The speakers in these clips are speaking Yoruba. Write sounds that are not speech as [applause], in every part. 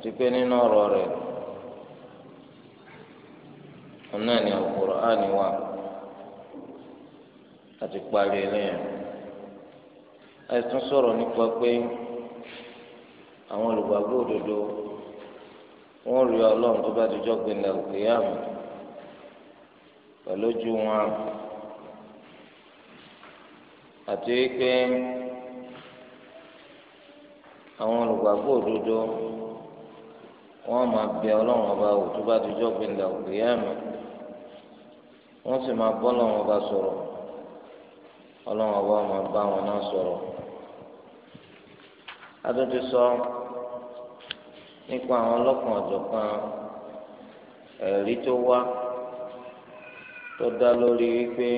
àti pé nínú ọ̀rọ̀ rẹ̀ ọ̀nà ni Al-Qur'ani wà àti parí eléyà ẹ̀sùn sọ̀rọ̀ nípa pé àwọn olùgbàgbọ́ òdodo wọ́n rí ọlọ́run tó bá dijọ́ gbẹ̀lẹ̀ òkèèyàmù pẹ̀lú ojú wọn àti pé àwọn olùgbàgbọ́ òdodo. wọ́n máa bẹ ọlọ́run ọba wò bá dojọ́ gbẹ̀ndà òkè yá sì máa bọ́ ọlọ́run ọba sọ̀rọ̀ ọlọ́run ọba máa bá wọn náà sọ̀rọ̀ adójú sọ nípa àwọn ọlọ́kàn ọ̀jọ̀kan ẹ̀rí tó wá tó dá lórí wípé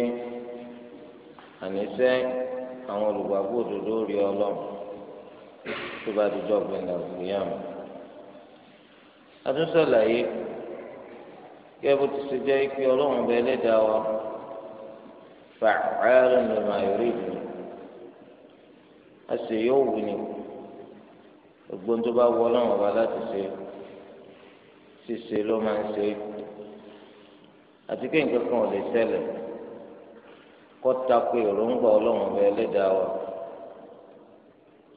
àníṣe àwọn olùgbàgbọ́ òdodo rí ọlọ́run tó bá dojọ́ gbẹ̀ndà òkè àtúnṣàlàyé gẹ́gẹ́ bó ti ṣe jẹ́ pé ọlọ́run bẹ ẹlẹ́dàá wa fàáyàrá ni màyọ̀rì ìlú àṣẹ yóò wù ní gbogbo tó bá wọ ọlọ́run ọba láti ṣe ṣíṣe ló máa ń ṣe àti pé nǹkan kan ò lè ṣẹlẹ̀ kọ́ta pé òròǹgbà ọlọ́run ọba ẹlẹ́dàá wa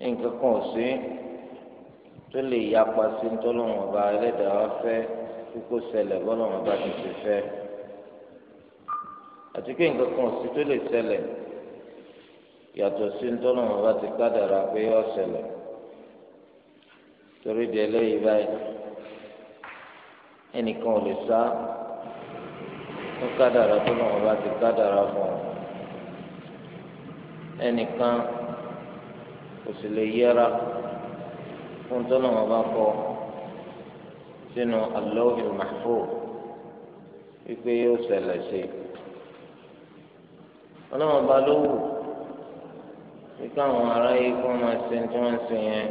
nǹkan kan ò sí tó lè yapa sí ntọ́lọ́wọ́n ọba ẹlẹ́dàá wa fẹ́ kókó ṣẹlẹ̀ bọ́lọ́wọ́n ọba ti ti fẹ́ àti pé nǹkan kan sí tó lè ṣẹlẹ̀ yàtọ̀ sí ntọ́lọ́wọ́n ọba ti kádàrà pé yọ ṣẹlẹ̀ torí di eléyìí báyìí ẹnìkan ò lè sá tó kádàrà tó lọ́wọ́ bá ti kádàrà fún ọ ẹnìkan kò sì lè yẹra fún tọ́nà wọn bá kọ sínú alóhùn màfó wípé yóò ṣẹlẹ̀ sí i ọlọ́wọ́n bá ló wù wípé àwọn aráyé kó máa ṣe tí wọ́n ṣe yẹn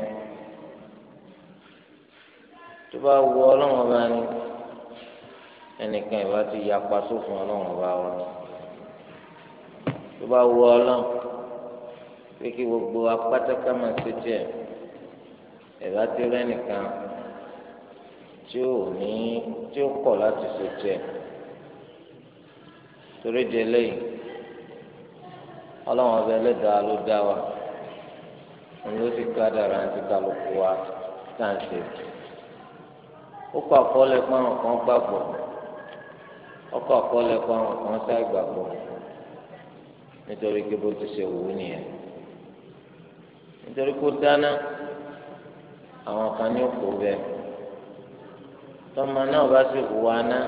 tó bá wù ọlọ́wọ́n bá ní ẹnìkan ìbá ti yapa sófin ọlọ́wọ́n bá wà tó bá wù ọlọ́wọ́n pé kí gbogbo apátákà máa ṣe tiẹ̀ ẹ̀dá tí rẹ́nìkan tí ò ní tí ó kọ̀ láti ṣe tiẹ̀ torí di eléyìí ọlọ́wọ́n ọbẹ̀ ẹlẹ́dàá ló dá wa òun ló ti ká dára àti kálukú wa táǹtì ó kọ àkọọ́lẹ̀ pé àwọn kan gbàgbọ́ ó kọ àkọọ́lẹ̀ pé àwọn kan sáì gbàgbọ́ nítorí pé bó ti ṣe wù ú nìyẹn nítorí kó dáná. àwọn kan ní òkú bẹ́ẹ̀ tọ́mọ náà bá sì hùwà náà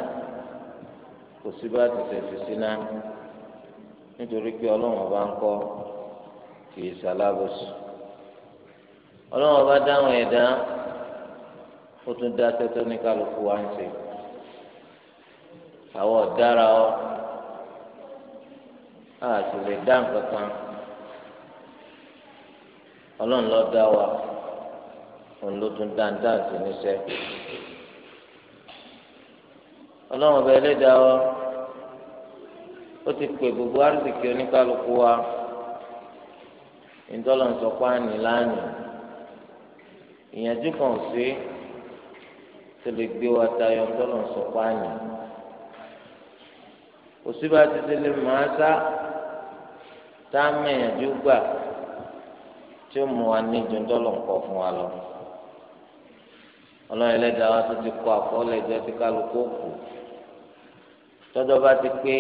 kò sí bá ti tẹ̀sí náà nítorí pé ọlọ́run ọba ń kọ́ kì í ọlọ́run ọba dáhùn ẹ̀dá ó tún dá tẹ́tọ́ ní kálukú wa ń ṣe ọ a lè dá nǹkan kan ọlọ́run òun ló tún dáadáa sí níṣẹ́ ọlọ́run ọba ẹlẹ́dàá ọ ó ti pè gbogbo àrísìkí oníkálukú wa ìdọ́lọ́nsọ̀pá ní láàyè ìyànjú kan sí tó lè gbé wa tayọ ìdọ́lọ́nsọ̀pá ní òsínbà títí lè máa sá tá a mẹ̀yànjú gbà tí ó mú wa ní ìdọ́lọ́nkọ fún wa lọ ọlọ́run ẹlẹ́dàá wa tó ti kọ àkọọ́lẹ̀ ìjọ tí kálukú kù tọ́jọ́ bá ti pé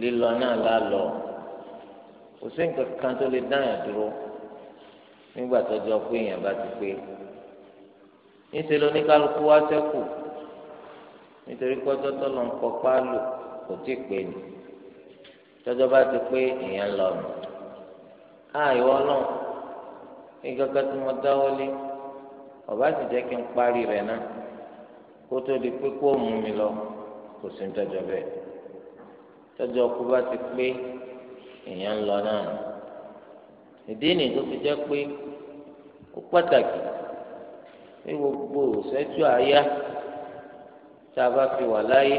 lílọ náà la lọ kò sí nǹkan kan tó lè dáyàn dúró nígbà tọ́jọ́ pé èèyàn bá ti pé níṣẹ́ ló ní kálukú wá sẹ́kù nítorí pọ́jọ́ tó lọ ń kọ páálù kò tí ì pé ni tọ́jọ́ bá ti pé èèyàn lọ nù. àìwọ́ náà ní kankan tí mo dáwọ́ lé ọba sì jẹ́ kí n parí rẹ̀ náà kó tó di pé kó mú mi lọ kò sí tọ́jọ́ bẹ́ẹ̀ tọ́jọ́ kú bá ti pé èèyàn ń lọ náà ìdí nìyí tó fi jẹ́ pé ó pàtàkì pé gbogbo òṣẹ́jú àyá tá a bá fi wà láyé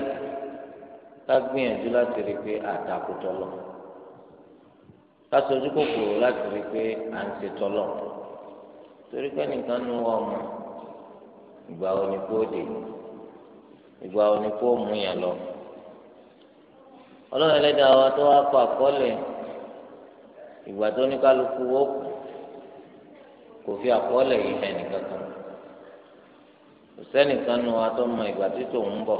ká gbìyànjú láti rí i pé àtàkùtọ̀ lọ ká sojú kòkòrò láti rí i pé à ń ṣe tọ́lọ̀ torí pé nìkan nu ọmọ ìgbà wo ni kó dé ìgbà wo ni kó mú yẹn lọ ọlọ́run ẹlẹ́dàá wa tó wá kọ àkọọ́lẹ̀ ìgbà tó ní kálukú wọ́pù kò fi àkọọ́lẹ̀ yìí hàn nìkan kan kò sẹ́nìkan nu wa tó mọ ìgbà tí tòun ń bọ̀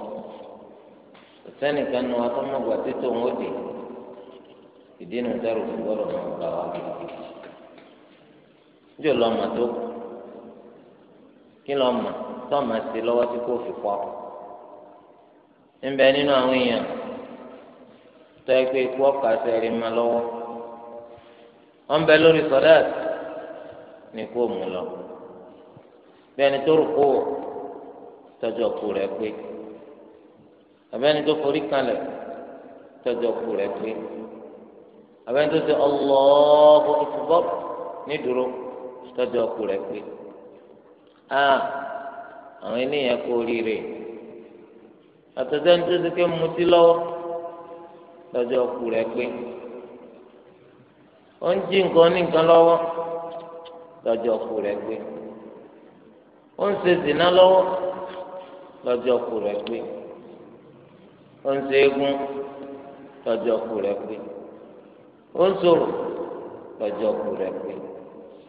kò sẹ́nìkan nu wa tó mọ ìgbà tí tòun ó dé ìdí nu dẹ́rù fún gbọ́dọ̀ mọ̀ gbà wá gidigidi njẹ́ lọ́mọ tó kí lọ́mọ tọ́mọ sí lọ́wọ́ tí kò fi pọ̀ ńbẹ nínú àwọn èèyàn tọ́ ẹ pé ikú ọ̀kà sẹ́rí ma lọ́wọ́ wọ́n bẹ lórí sọ́dáàt ní kó mú lọ bẹ́ẹ̀ni tó rò kó tọ́jú ọkù rẹ̀ pé abẹ́ni tó forí kalẹ̀ tọ́jú ọkù rẹ̀ pé abẹ́ni tó ti Allahu Akbar nídúró tọ́jú ọkù rẹ̀ pé a àwọn ènìyàn kò rírè àtọ́jọ́ ní tó ti ké mutí lọ́wọ́ tọ́jú ọkù rẹ̀ pé ó ń jí nǹkan ní nǹkan lọ́wọ́ tọ́jú ọkù rẹ̀ pé ó ń ṣe zìnà lọ́wọ́ tọ́jú ọkù rẹ̀ pé ó ń ṣe eégún tọ́jú ọkù rẹ̀ pé ó ń sọ̀rọ̀ tọ́jú ọkù rẹ̀ pé.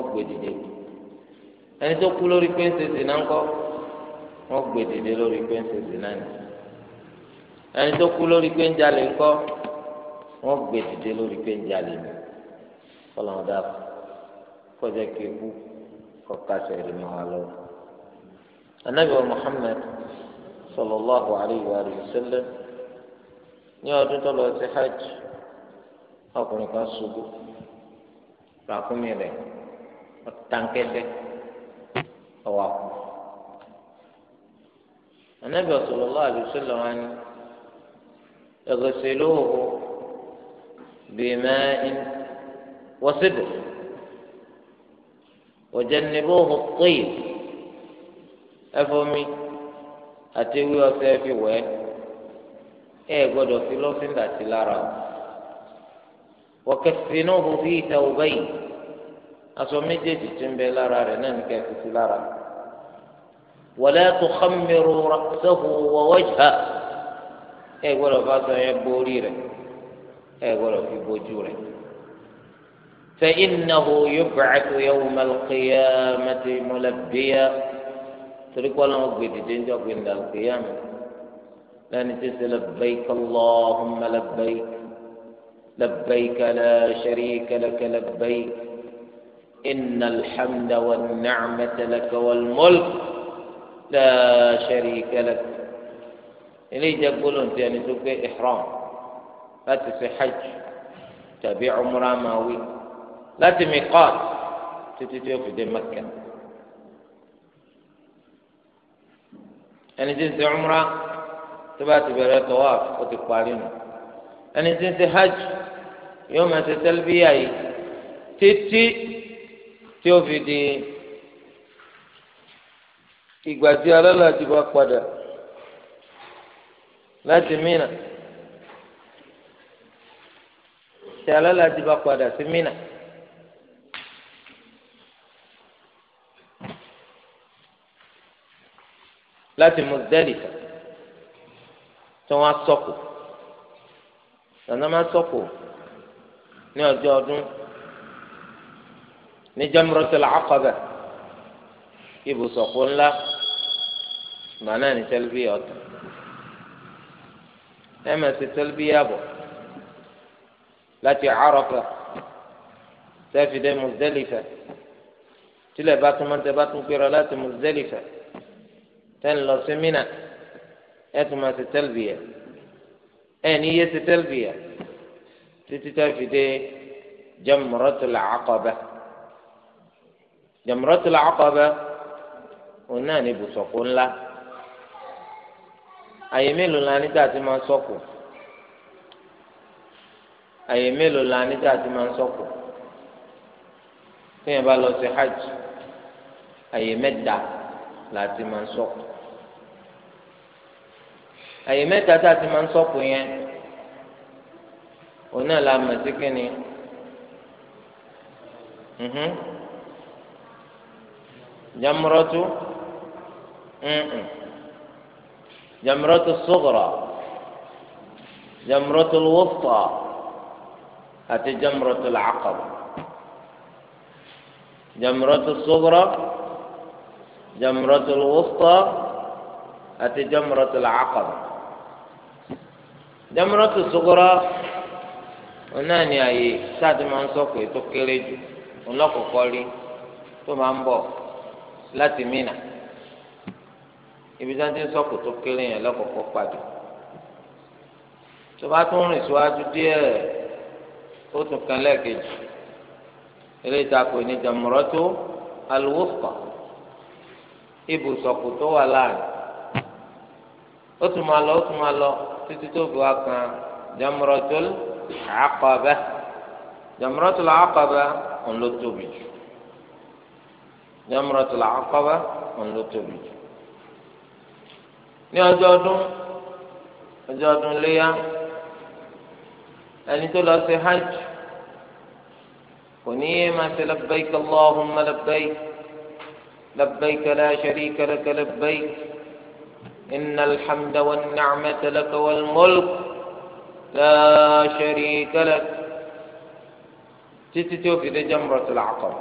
wọn gbé dìde ẹni tó kú lórí pé ń ṣe zina ńkọ wọn gbé dìde lórí pé ń ṣe ẹni tó kú lórí pé ń jalè wọn gbé dìde lórí pé ń jalè anabi muhammed sallallahu alayhi wa sallam ní ọdún tó lọ sí hajj ọkùnrin kan ṣubú ọ̀tàǹkẹ́tẹ́ ọ̀wà kù. Ànábì sallallahu alaihi wasallam ni igsiluhu bima'in wa sidr wa jannibuhu at-tayyib ẹfọmi àti ewé ọṣẹ fi wẹ̀ ẹ gbọ́dọ̀ fi lọ́fíńdà sí lára o wa kaffinuhu fi thawbayn. aṣọ méjèèjì tí ń bẹ lára rẹ̀ náà ní kẹ́kẹ́ sí lára wala tukhmiru ra'sahu wa wajha ẹ gbọ́dọ̀ fà sọ yẹn borí rẹ̀ ẹ gbọ́dọ̀ fi bojú rẹ̀ fa innahu yub'athu yawma al-qiyamati mulabbiya torí kọ́ lọ́wọ́ gbèdìdé ń jọ gbèdìdé al-qiyamah lẹ́ni tí sẹ́ labbayka Allahumma labbayka labbayka la sharika laka labbayka. إن الحمد والنعمة لك والملك لا شريك لك إليه يقولون يعني تبقى إحرام لا تسي حج تبي عمرة ماوي لا تميقات تتتو في دي مكة يعني تنسي عمرة تبات بلا طواف وتقارنه يعني تنسي حج يوم تتلبيه تتي tí ó fi di ìgbà tí alálàájì bá padà láti Mínà tí alálàájì bá padà sí Mínà. láti Muzdalifa tí wọn á sọkò tànà máa sọkò ní ọjọ́ ọdún ní jamratul aqaba ibùsọ̀kù ńlá ìgbà náà ní tẹlifíà ọ̀tọ̀ ẹ máa ṣe tẹ́lifíyà bọ̀ láti Arafa tẹ́fi dé Muzdalifa tílẹ̀ bá tún máa tẹ́ bá tún pèrọ láti Muzdalifa tẹ́ ń lọ sí Mínà ẹ tún máa ṣe tẹ́lifíyà ẹ ní yé ṣe tẹlifíà títí tẹ́fi dé jamratul aqaba. Jamratul Aqaba òun náà ní ibùsọ̀kù ńlá àyè mélòó la nígbà tí máa ń sọ̀kù àyè mélòó la nígbà tí máa ń sọ̀kù tí yẹn bá lọ sí hajj àyè mẹ́ta la ti máa ń sọ̀kù àyè mẹ́ta tá a ti máa ń sọ̀kù yẹn òun náà la mọ̀ sí kínni. Mhm jamratu nn jamratu sugra jamratu wusta àti jamratu lacaqaba jamratu sugra jamratu wusta àti jamratu lacaqaba jamratu sugra náà ni àyè sáà tí wọn sọ pé tó kéré jù ńlọkọkọ tó máa ń bọ̀ láti Mínà ibi tí wọ́n ti ń sọ̀kò tó kéré yẹn lọ́kọ̀ọ̀kọ̀ pàdé tó bá tún rìn síwájú díẹ̀ ó tún kan lẹ́ẹ̀kejì eléyìí tá a pè ní Jamratu al wà láàrin ó tún máa lọ ó tún máa lọ títí tó fi wá kan Jamratul Aqaba Jamratul Aqaba òun ló tóbi jù. jamratul aqaba òun ló tóbi jù ní ọjọ́ ọdún ọjọ́ ọdún léyà ẹni tó lọ sí hajj kò ní yé máa ṣe labbaik allahumma labbaik labbaik la sharika laka labbaik inna alhamda wa ni'mata laka wal mulk la sharika lak títí tí ó fi dé jamratul aqaba.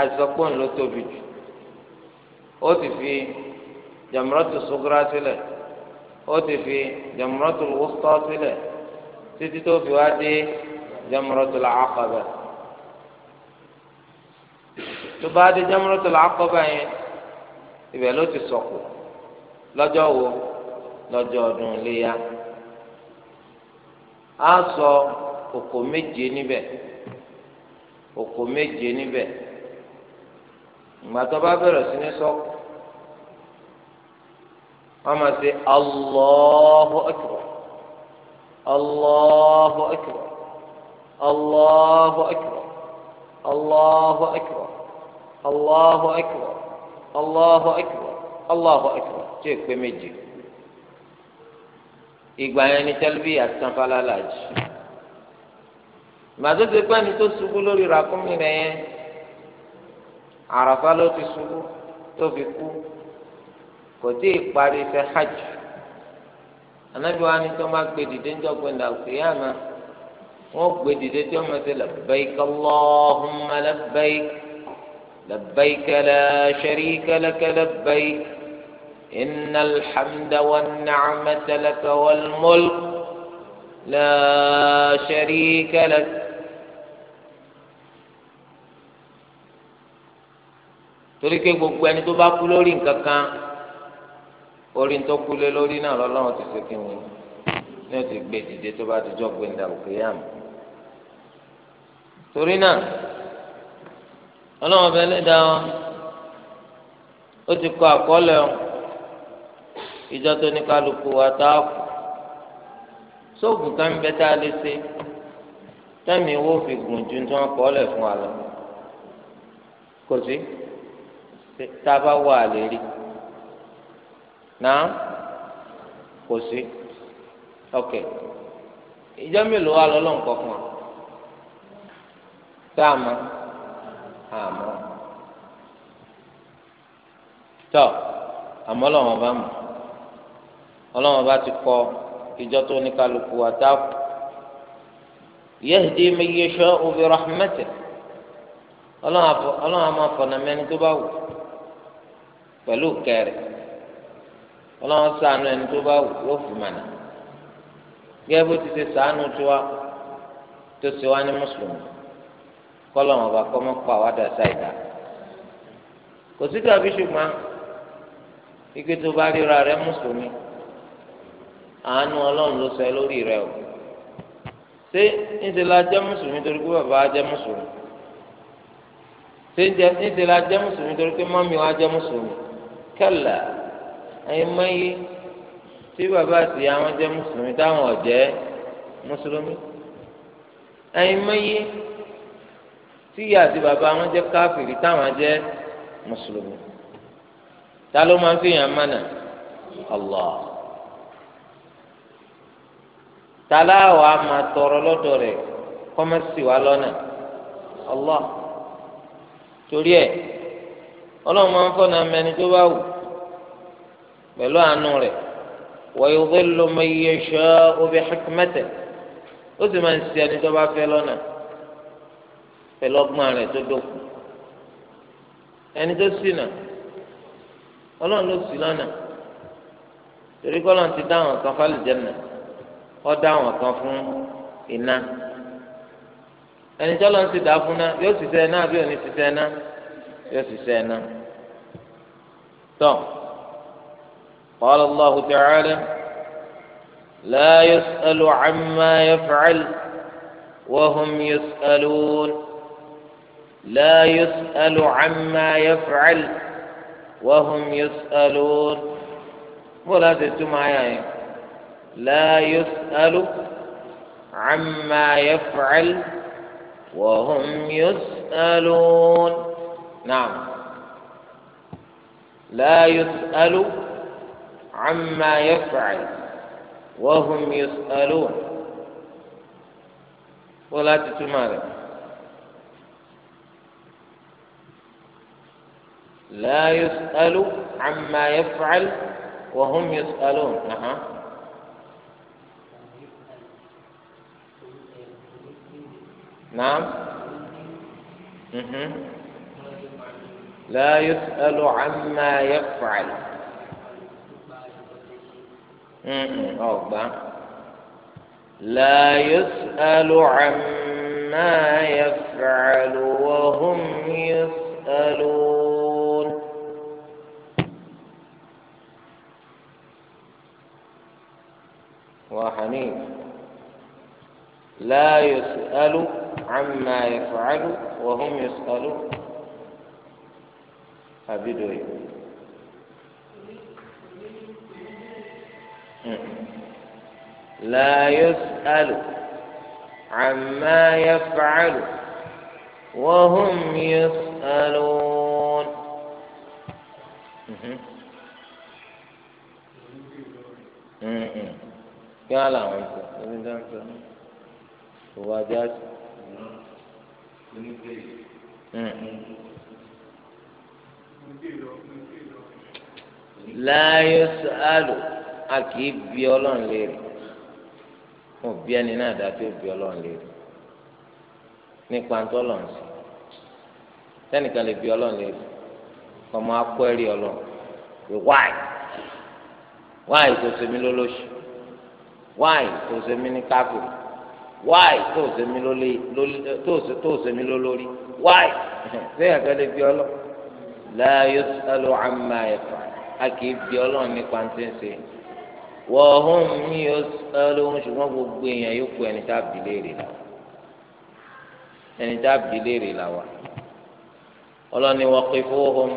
àìsọpọ̀ ló tóbi jù ó ti fi jamuratu sugra sílẹ̀ ó ti fi jamuratu wusta sílẹ̀ títí tó fi wá dé jamuratu làákàbà tó bá dé jamuratu làákàbà yẹn ibẹ̀ ló ti sọ̀kù lọ́jọ́ wo lọ́jọ́ ọdún léyà á sọ òkò méje níbẹ̀ òkò méje níbẹ̀ ìgbà tó bá bẹ̀rẹ̀ sí ní sọ́kù wọ́n máa ṣe Allahu akbar Allahu akbar Allahu akbar Allahu akbar Allahu akbar Allahu akbar Allahu akbar tí o pé méjì ìgbà yẹn ni tẹ́lifí àti sanfàlà ti pẹ́ ni tó ṣubú lórí ràkúnmí yẹn. àràfà ló ti ṣubú tó fi kú kò tí ì parí fẹ hajj anabi wa ni tó máa gbé dìde ń jọ gbẹndà gbẹndà òkèèyàmà wọn gbé dìde tí wọn ti máa ṣe labbaik allahumma labbaik labbaik la sharika laka kele innal hamda wan ni'mata laka wal mulk la sharika kẹlẹ. torí pé gbogbo ẹni tó bá kú lórí nǹkan kan orí tó kú lé lórí náà lọ́lọ́run ti ṣe kí wọn ní o ti gbé dìde tó bá ti jọ gbé ní àbùkù yá mi torí náà ọlọ́run ọbẹ̀ lẹ́dá ó ti kọ àkọọ́lẹ̀ ìjọ tó ní kálukú wa tá a kù sóògùn kan bẹ tá a lè ṣe tẹ́mi wo fi gùn ju tí wọ́n kọ́ ọ́lẹ̀ fún wa lọ kò sí tá a bá wà á lè rí náà kò sí ok ìjọ mélòó wà lọ́lọ́ nǹkan kan tá a mọ̀ àmọ́ tọ́ àmọ́ lọ́wọ́ bá mọ̀ ọlọ́wọ́n bá ti kọ ìjọ tó ní kálukú àtàkù yahdi man yasha'u bi rahmatihi ọlọ́wọ́n àmọ́ fọ̀nàmẹ́ni tó bá wù. pẹ̀lú kẹrì ọlọ́run ṣàánú ẹni tó bá yóò fi mànà gẹ́gẹ́ bó ti ṣe ṣàánú tiwa tó ṣe wá ní mùsùlùmí kọ́lọ́run ọba kọ́ mọ́ pa kò sí tàbí ṣùgbọ́n ike tó bá ríra rẹ mùsùlùmí àánú ọlọ́run ló sọ lórí rẹ o ṣé níṣẹ́ la jẹ́ mùsùlùmí torí pé bàbá wa jẹ́ mùsùlùmí ṣé níṣẹ́ la jẹ́ mùsùlùmí torí pé mọ́mí wa jẹ́ mùsùlùmí. kẹlẹ ẹyin mẹyì tí bàbá àti àwọn jẹ mùsùlùmí táwọn ọjẹ mùsùlùmí ẹyin mẹyì tí ìyá àti bàbá àwọn jẹ káfìrí táwọn jẹ mùsùlùmí ta ló máa fi yàn mánà Allah taláwa máa tọrọ lọ́dọ̀ rẹ̀ kọmẹsì wa lọ́nà Allah torí ẹ Ọlọ́run máa ń fọnà mẹni tó bá wù pẹ̀lú àánú rẹ̀ wayudhillu man yasha'u bihikmatihi ó sì máa ń ṣe ẹni tó bá fẹ́ lọ́nà pẹ̀lú ọgbọ́n rẹ̀ tó dókun ẹni tó sì nà ọlọ́run ló sì lọ́nà torí kọ́lọ́n ti dá àwọn kan fálìjẹ́nà ó dá àwọn kan fún iná ẹni tó lọ́n ti dá fún ná yóò sì sẹ́ ẹ náà bí òní ti sẹ́ ẹ ná yóò sì sẹ́ ẹ ná tọ́. قال الله تعالى لا يسأل عما يفعل وهم يسألون لا يسأل عما يفعل وهم يسألون ولا تتمع يعني آية. لا يسأل عما يفعل وهم يسألون نعم لا يسأل عما يفعل وهم يسألون ولا تتمارك لا يسأل عما يفعل وهم يسألون أه. نعم لا يسأل عما يفعل ọgbà la yus'alu amma yaf'alu wa hum yus'alun. وحنيف لا يسأل عما يفعل وهم يسألون أبدوا لا يسأل عما يفعل وهم يسألون قال هو جاز لا يسأل a kì í bi ọlọ́run léèrè mo bí ẹni náà dá tó bi ọlọ́run léèrè nípa ń tọ́lọ̀ ń sìn sẹ́nìkan lè bi ọlọ́run léèrè ọmọ akọ ẹ̀rí ọlọ́run pé wáì wáì tó ṣe mí lólóṣù wáì tó ṣe mí ní káfíìn wáì tó ṣe mí lólórí wáì sẹ́yìn kan lè bi ọlọ́run la yus'alu amma yaf'al a kì í ọlọ́run nípa ń tẹ́ ń wọ́ọ̀hún mi ò lóhun ṣùgbọ́n gbogbo èèyàn yóò kú ẹni tá a bì léèrè la ẹni tá a bì léèrè la wa ọlọ́ni waqifuhum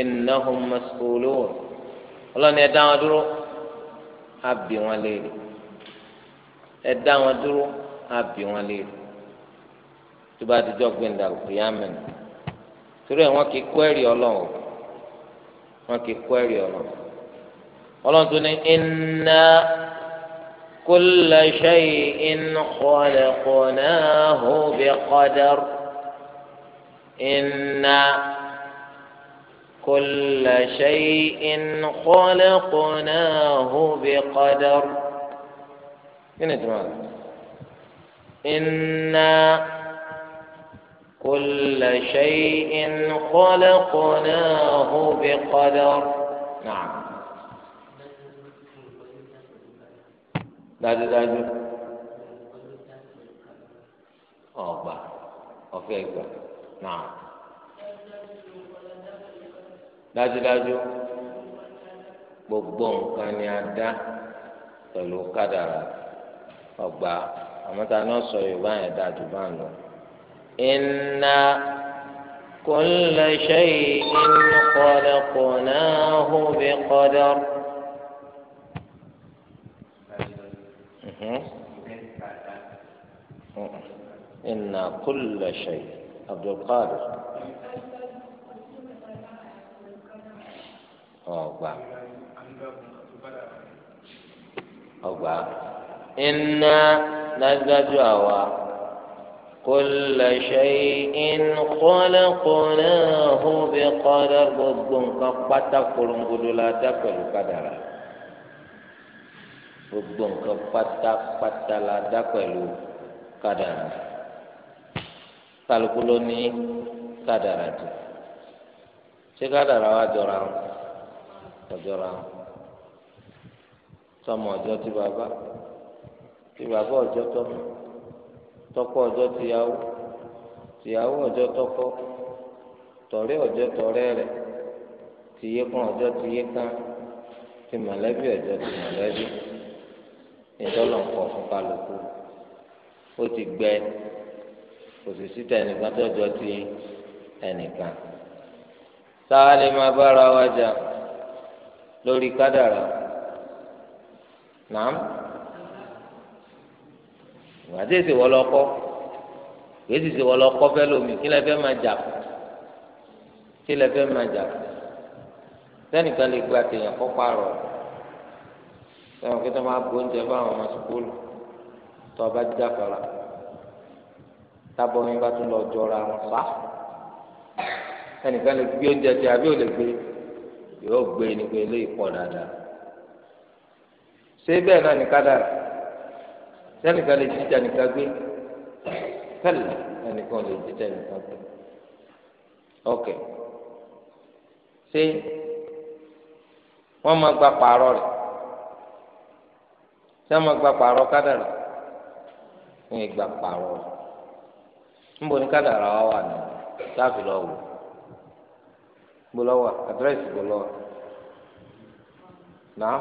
innahum mas'ulun ọlọ́ni ẹ dá wọn dúró a bì wọn léèrè ẹ wọn dúró a wọn léèrè tó bá ti jọ gbẹ̀ndà kìyàmẹ̀ torí ẹ̀ wọ́n kì í kọ́ ẹ̀rí ọlọ́run wọ́n kì í kọ́ ẹ̀rí ọlọ́run. ọlọ́run tó ní inna kulla shay'in khalaqnahu biqadar inna kulla shay'in khalaqnahu biqadar kí ni ìtumọ̀ rẹ̀ inna. كل شيء خلقناه بقدر نعم dájúdájú ọgbà ọfẹ gbà náà dájúdájú gbogbo nǹkan ni a dá pẹ̀lú kádàrà ọgbà àmọ́ta náà sọ yorùbá yẹn dá jù bá ń lọ. inna kulla shay'in khalaqnahu biqadar. Hm? Hm. inna kulla shay abdulkadir ọgbà ọgbà iná lágbájú àwa kulla shay in khalaqnahu bi qadar gbogbo nǹkan pátákó rongodo la dá pẹ̀lú kádàrá gbogbo nǹkan pátápátá la dá pẹ̀lú kádàrà kálukú ló ní kádàrà tó ṣé kádàrà wa jọra wọn ọjọra wọn tọmọ ọjọ́ ti bàbá ti bàbá ọjọ́ tọmọ tọkọ ọjọ́ tìyàwó tìyàwó ọjọ́ tọkọ tọ̀rẹ́ ọjọ́ tọ̀rẹ́ rẹ̀ tìyẹ kan ọjọ́ tìyẹ kan ti mọ̀lẹ́bí ọjọ́ ti mọ̀lẹ́bí ìtọ́lọ̀ nǹkan fún kálukú ó ti gbẹ kò sì síta ẹnìkan tó jọ ti ẹnìkan sáà lè máa bára wa jà lórí kádàrà nàám ìwà tí èsì wọlọkọ èsì èsì wọlọkọ fẹ lómi kí lẹfẹ máa jà kí lẹfẹ máa jà sẹnìkan lè gba tèèyàn kọ pààrọ̀ sẹ́wọ̀n kí tó máa bo oúnjẹ fáwọn ọmọ sukúlù tó ọba jáfara tábọ̀ mi bá tún lọ jọra wọn sá ẹnìkan lè gbé oúnjẹ tí àbí ò lè gbé yóò gbé ní pé ilé ìpọ̀ dáadáa ṣé bẹ́ẹ̀ náà ní kádàrá sẹ́nìkan lè jíjà nìkan gbé tẹ́lẹ̀ ẹnìkan lè jíjà nìkan gbé ok ṣé wọ́n máa gba pààrọ̀ rẹ̀ ṣé wọn máa gba pààrọ̀ kádàrà wọn yẹn gba pààrọ̀ níbo ni kádàrà wa wà ní sáàfì lọ wò gbó lọ wà àdírẹ́sì gbó lọ wà náà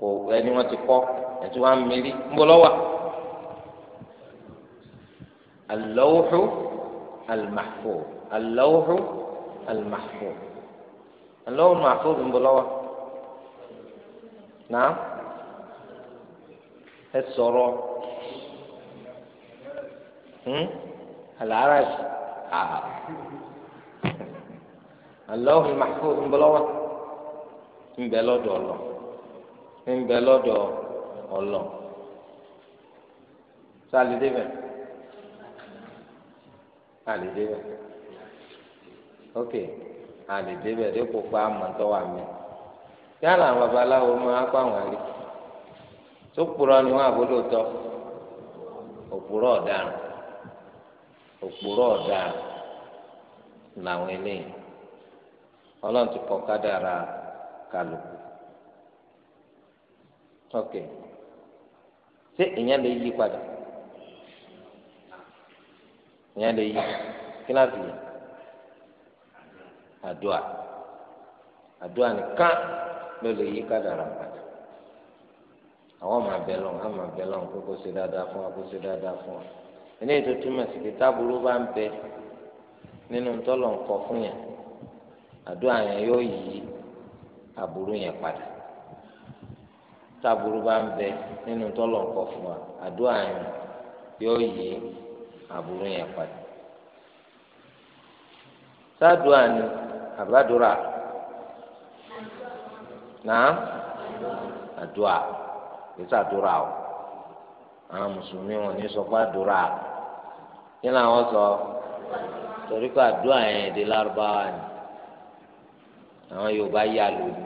kò ẹni wọn ti kọ ẹtí wọn mìíràn gbó lọ wà alawuhu almahfu alawuhu almahfu alawuhu náà ẹ sọ̀rọ̀ hmm? àlàárà jù àhà alọ́hùn màkó ńbọ́lọ́wọ́ ńbẹ lọ́dọ̀ ọ̀lọ́ ńbẹ lọ́dọ̀ ọ̀lọ́ ok àlè débẹ̀ pa yálà àwọn babaláwo máa kó àwọn àlè tó kpọrọ ni wọn àbúrò tọ òpùrọ́ ọ̀daràn òpùrọ́ ọ̀daràn làwọn eléyìí Ọlọ́run ti kọ kádàrà kálukú ok ṣé èèyàn lè yí padà èèyàn lè yí kíláàsì àdúà àdúà nìkan. ló lè yí kádàrà padà àwọn máa bẹ lọ àwọn máa bẹ lọ pé kó ṣe dáadáa fún wa kó ṣe dáadáa fún wa ilé ètò túmọ̀ sí pé táburú bá ń bẹ nínú tọ́lọ̀ ń kọ fún yẹn àdúrà yẹn yóò yí aburú yẹn padà táburú bá ń bẹ nínú tọ́lọ̀ ń kọ fún wa àdúrà yẹn yóò yí yẹn padà ni náà àdúrà ìsà àdúrà o àwọn mùsùlùmí wọn ní sọ pé àdúrà kí làwọn sọ torí pé àdúrà yẹn èdè lárúbáwá ni àwọn yorùbá yà lóni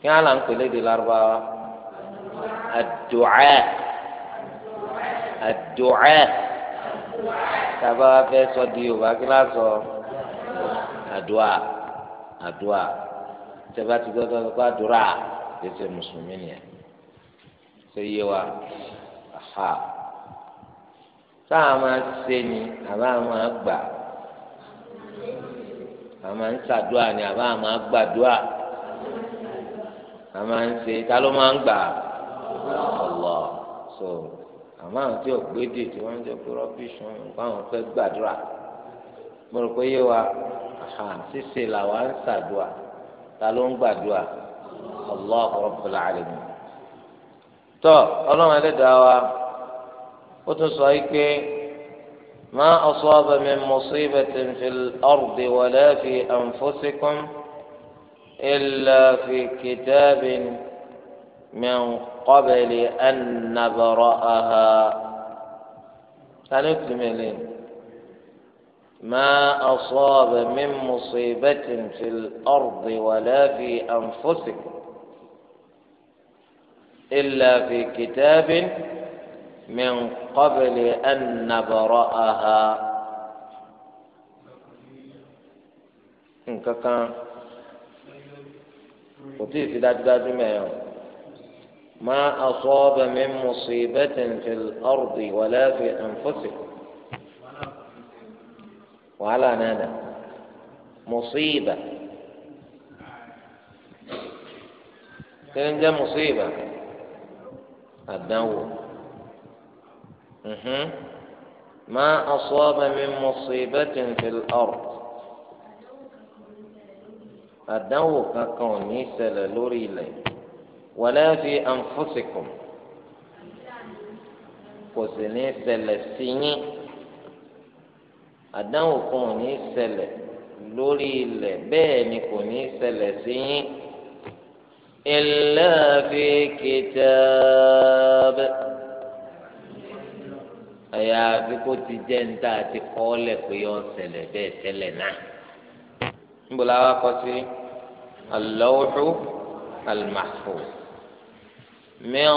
kí wọn là ń pèlè èdè lárúbáwá tàbá fẹ́ sọ di yorùbá kí lásọ àdúrà àdúrà ìjọba ti gbọ́dọ̀ gbọ́dọ̀ àdúrà lẹsẹ mùsùlùmí nìyẹn ṣe yé wa aha sáà máa ṣe ni àbá máa gbà àmà ń ṣàdúà ni àbá máa gbàdúà àmà ń ṣe ta ló máa ń gbà ọlọ so àmà àwọn tí ò gbédè tí wọn ń jẹ pé rọbìṣì wọn nǹkan àwọn fẹẹ gbàdúrà mo rò pé yé wa aha ṣíṣe làwọn ń ṣàdúà. ta ló ń gbàdúrà allah Rabbul Alamin tọ Ọlọ́run Ẹlẹ́dàá wa ó tún sọ yìí pé ma asaba min musibatin fil ardi wala fi anfusikum illa fi kitabin min qabli ẹ̀ ń nàbọ̀rọ̀ ẹ̀ hà. mẹ́lẹ̀ ní. ما أصاب من مصيبة في الأرض ولا في أنفسكم إلا في كتاب من قبل أن نبرأها nǹkankan ما أصاب من مصيبة في الأرض ولا في أنفسكم وعلى ماذا مصيبة كان جاء مصيبة الدو ما أصاب من مصيبة في الأرض الدو ككون مثل لوري لي ولا في أنفسكم وسنيس لسيني àdánwò kan ò ní í ṣẹlẹ̀ lórí ilẹ̀ bẹ́ẹ̀ ni kò ní í ṣẹlẹ̀ sí yín illa fi kitab àyàfi kó ti jẹ́ ń tà àti kọ́ọ́lẹ̀ pé yọ ṣẹlẹ̀ bẹ́ẹ̀ tẹ́lẹ̀ náà níbo la wá kọ sí al-lawhu al-mahfuz min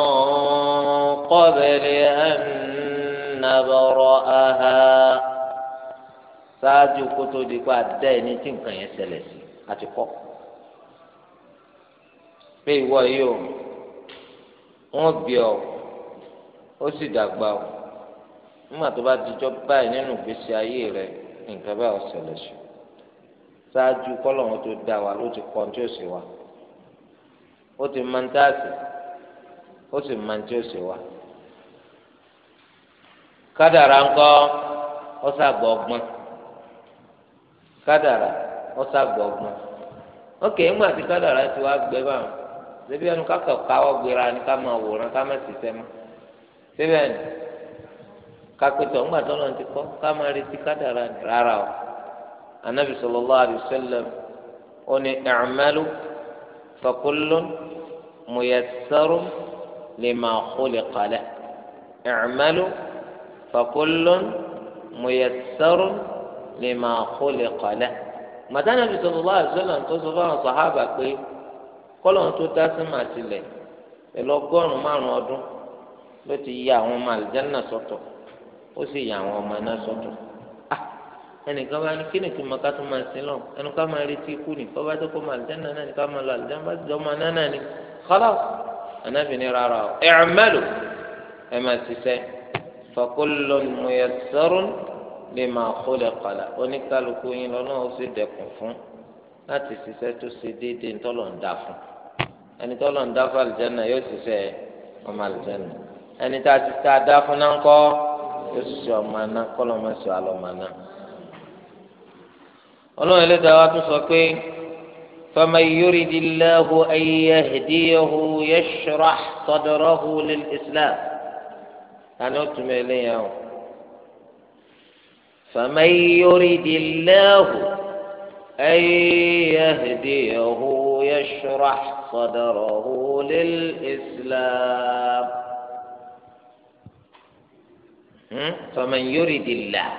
qabli an nabraha ṣáájú kótó di pa dá ẹni tí nǹkan yẹn ṣẹlẹ̀ sí àti kọ́ pé ìwọ yìí o wọ́n bí ọ ó sì dàgbà o nígbà tó bá dijọ́ báyìí nínú ìgbésí ayé rẹ nǹkan báyìí ó ṣẹlẹ̀ sí ṣáájú kọ́lọ́hún tó dá wa ló ti kọ́ tí ó sì wá ó ti máa ń dáàsì ó sì máa ń tí ó sì wá kádàrá ńkọ́ ó ṣàgbọ́ ọgbọ́n kádàrà ọ̀sà gbọ̀gbọ̀n ok ńgbà tí kádàrà ti wá gbẹ báwọn ṣẹbi ẹnu kákọ̀ káwọ́ gbéra ni ká máa wòran ká máa ṣiṣẹ́ mọ́ síbẹ̀ ni kápẹ́tọ̀ ńgbà tó lọ́n ti kọ́ ká máa retí kádàrà ni rárá o anabi sallallahu alaihi wasallam ó ní i'malu fakullun muyassarun lima khuliqa lahu i'malu fakullun muyassarun lima khuliqa lahu màdánà bí sallallahu alaihi wasallam tó sọ fáwọn sàhábà pé kọ́lọ̀ tó dá sí màá tilẹ̀ pẹ̀lú ọgọ́rùn-ún márùn-ún ọdún ló ti ya àwọn ọmọ àlùjáná sọ̀tọ̀ ó sì ya àwọn ọmọ iná sọ̀tọ̀ ah, ẹnìkan bá ní kíni kí màkà tó máa sin lọ ẹnu ká máa retí ikú ni bọ́ bá tó kó máa àlùjáná náà ní ká máa lọ àlùjáná bá ti dọ́ máa náà ní kọ́lá anábìnrin rárá o ẹ̀rọ mẹ́lò máa ṣiṣẹ́ fa kullun muyassarun lima khulqala oníkálukú yín lọ́nà ó sì dẹkùn fún láti ṣiṣẹ́ tó ṣe déédéé ńtọ́lọ̀ ń dá fún ẹni tọ́lọ̀ ń dá fún àlùjáná yóò ṣiṣẹ́ ọmọ àlùjáná ẹni tá a ti ta dá fún náà ńkọ́ yóò ṣiṣẹ́ ọmọ aná kọ́lọ́ máa ṣe àlọ́mọ aná. ọlọ́run ẹlẹ́dàá wa tún sọ pé faman yuridillahu an yahdiyahu yashrah sadrahu lil islam tani فمن يرد الله أن يهديه يشرح صدره للإسلام فمن يرد الله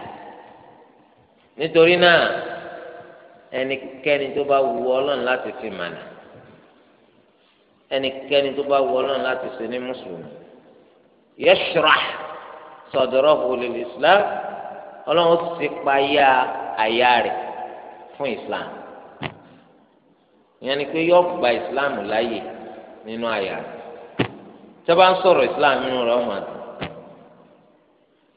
نتورينا أن كان تبا ولا لا تفهمنا أن كان تبا ولا لا تفهم مسلم يشرح صدره للإسلام ọlọ́run ti payá àyà rẹ̀ fún islam ìyẹn ni pé yọ gba islam láàyè nínú àyà rẹ̀ tí a bá ń sọ̀rọ̀ islam nínú rẹ̀ ọmọ àti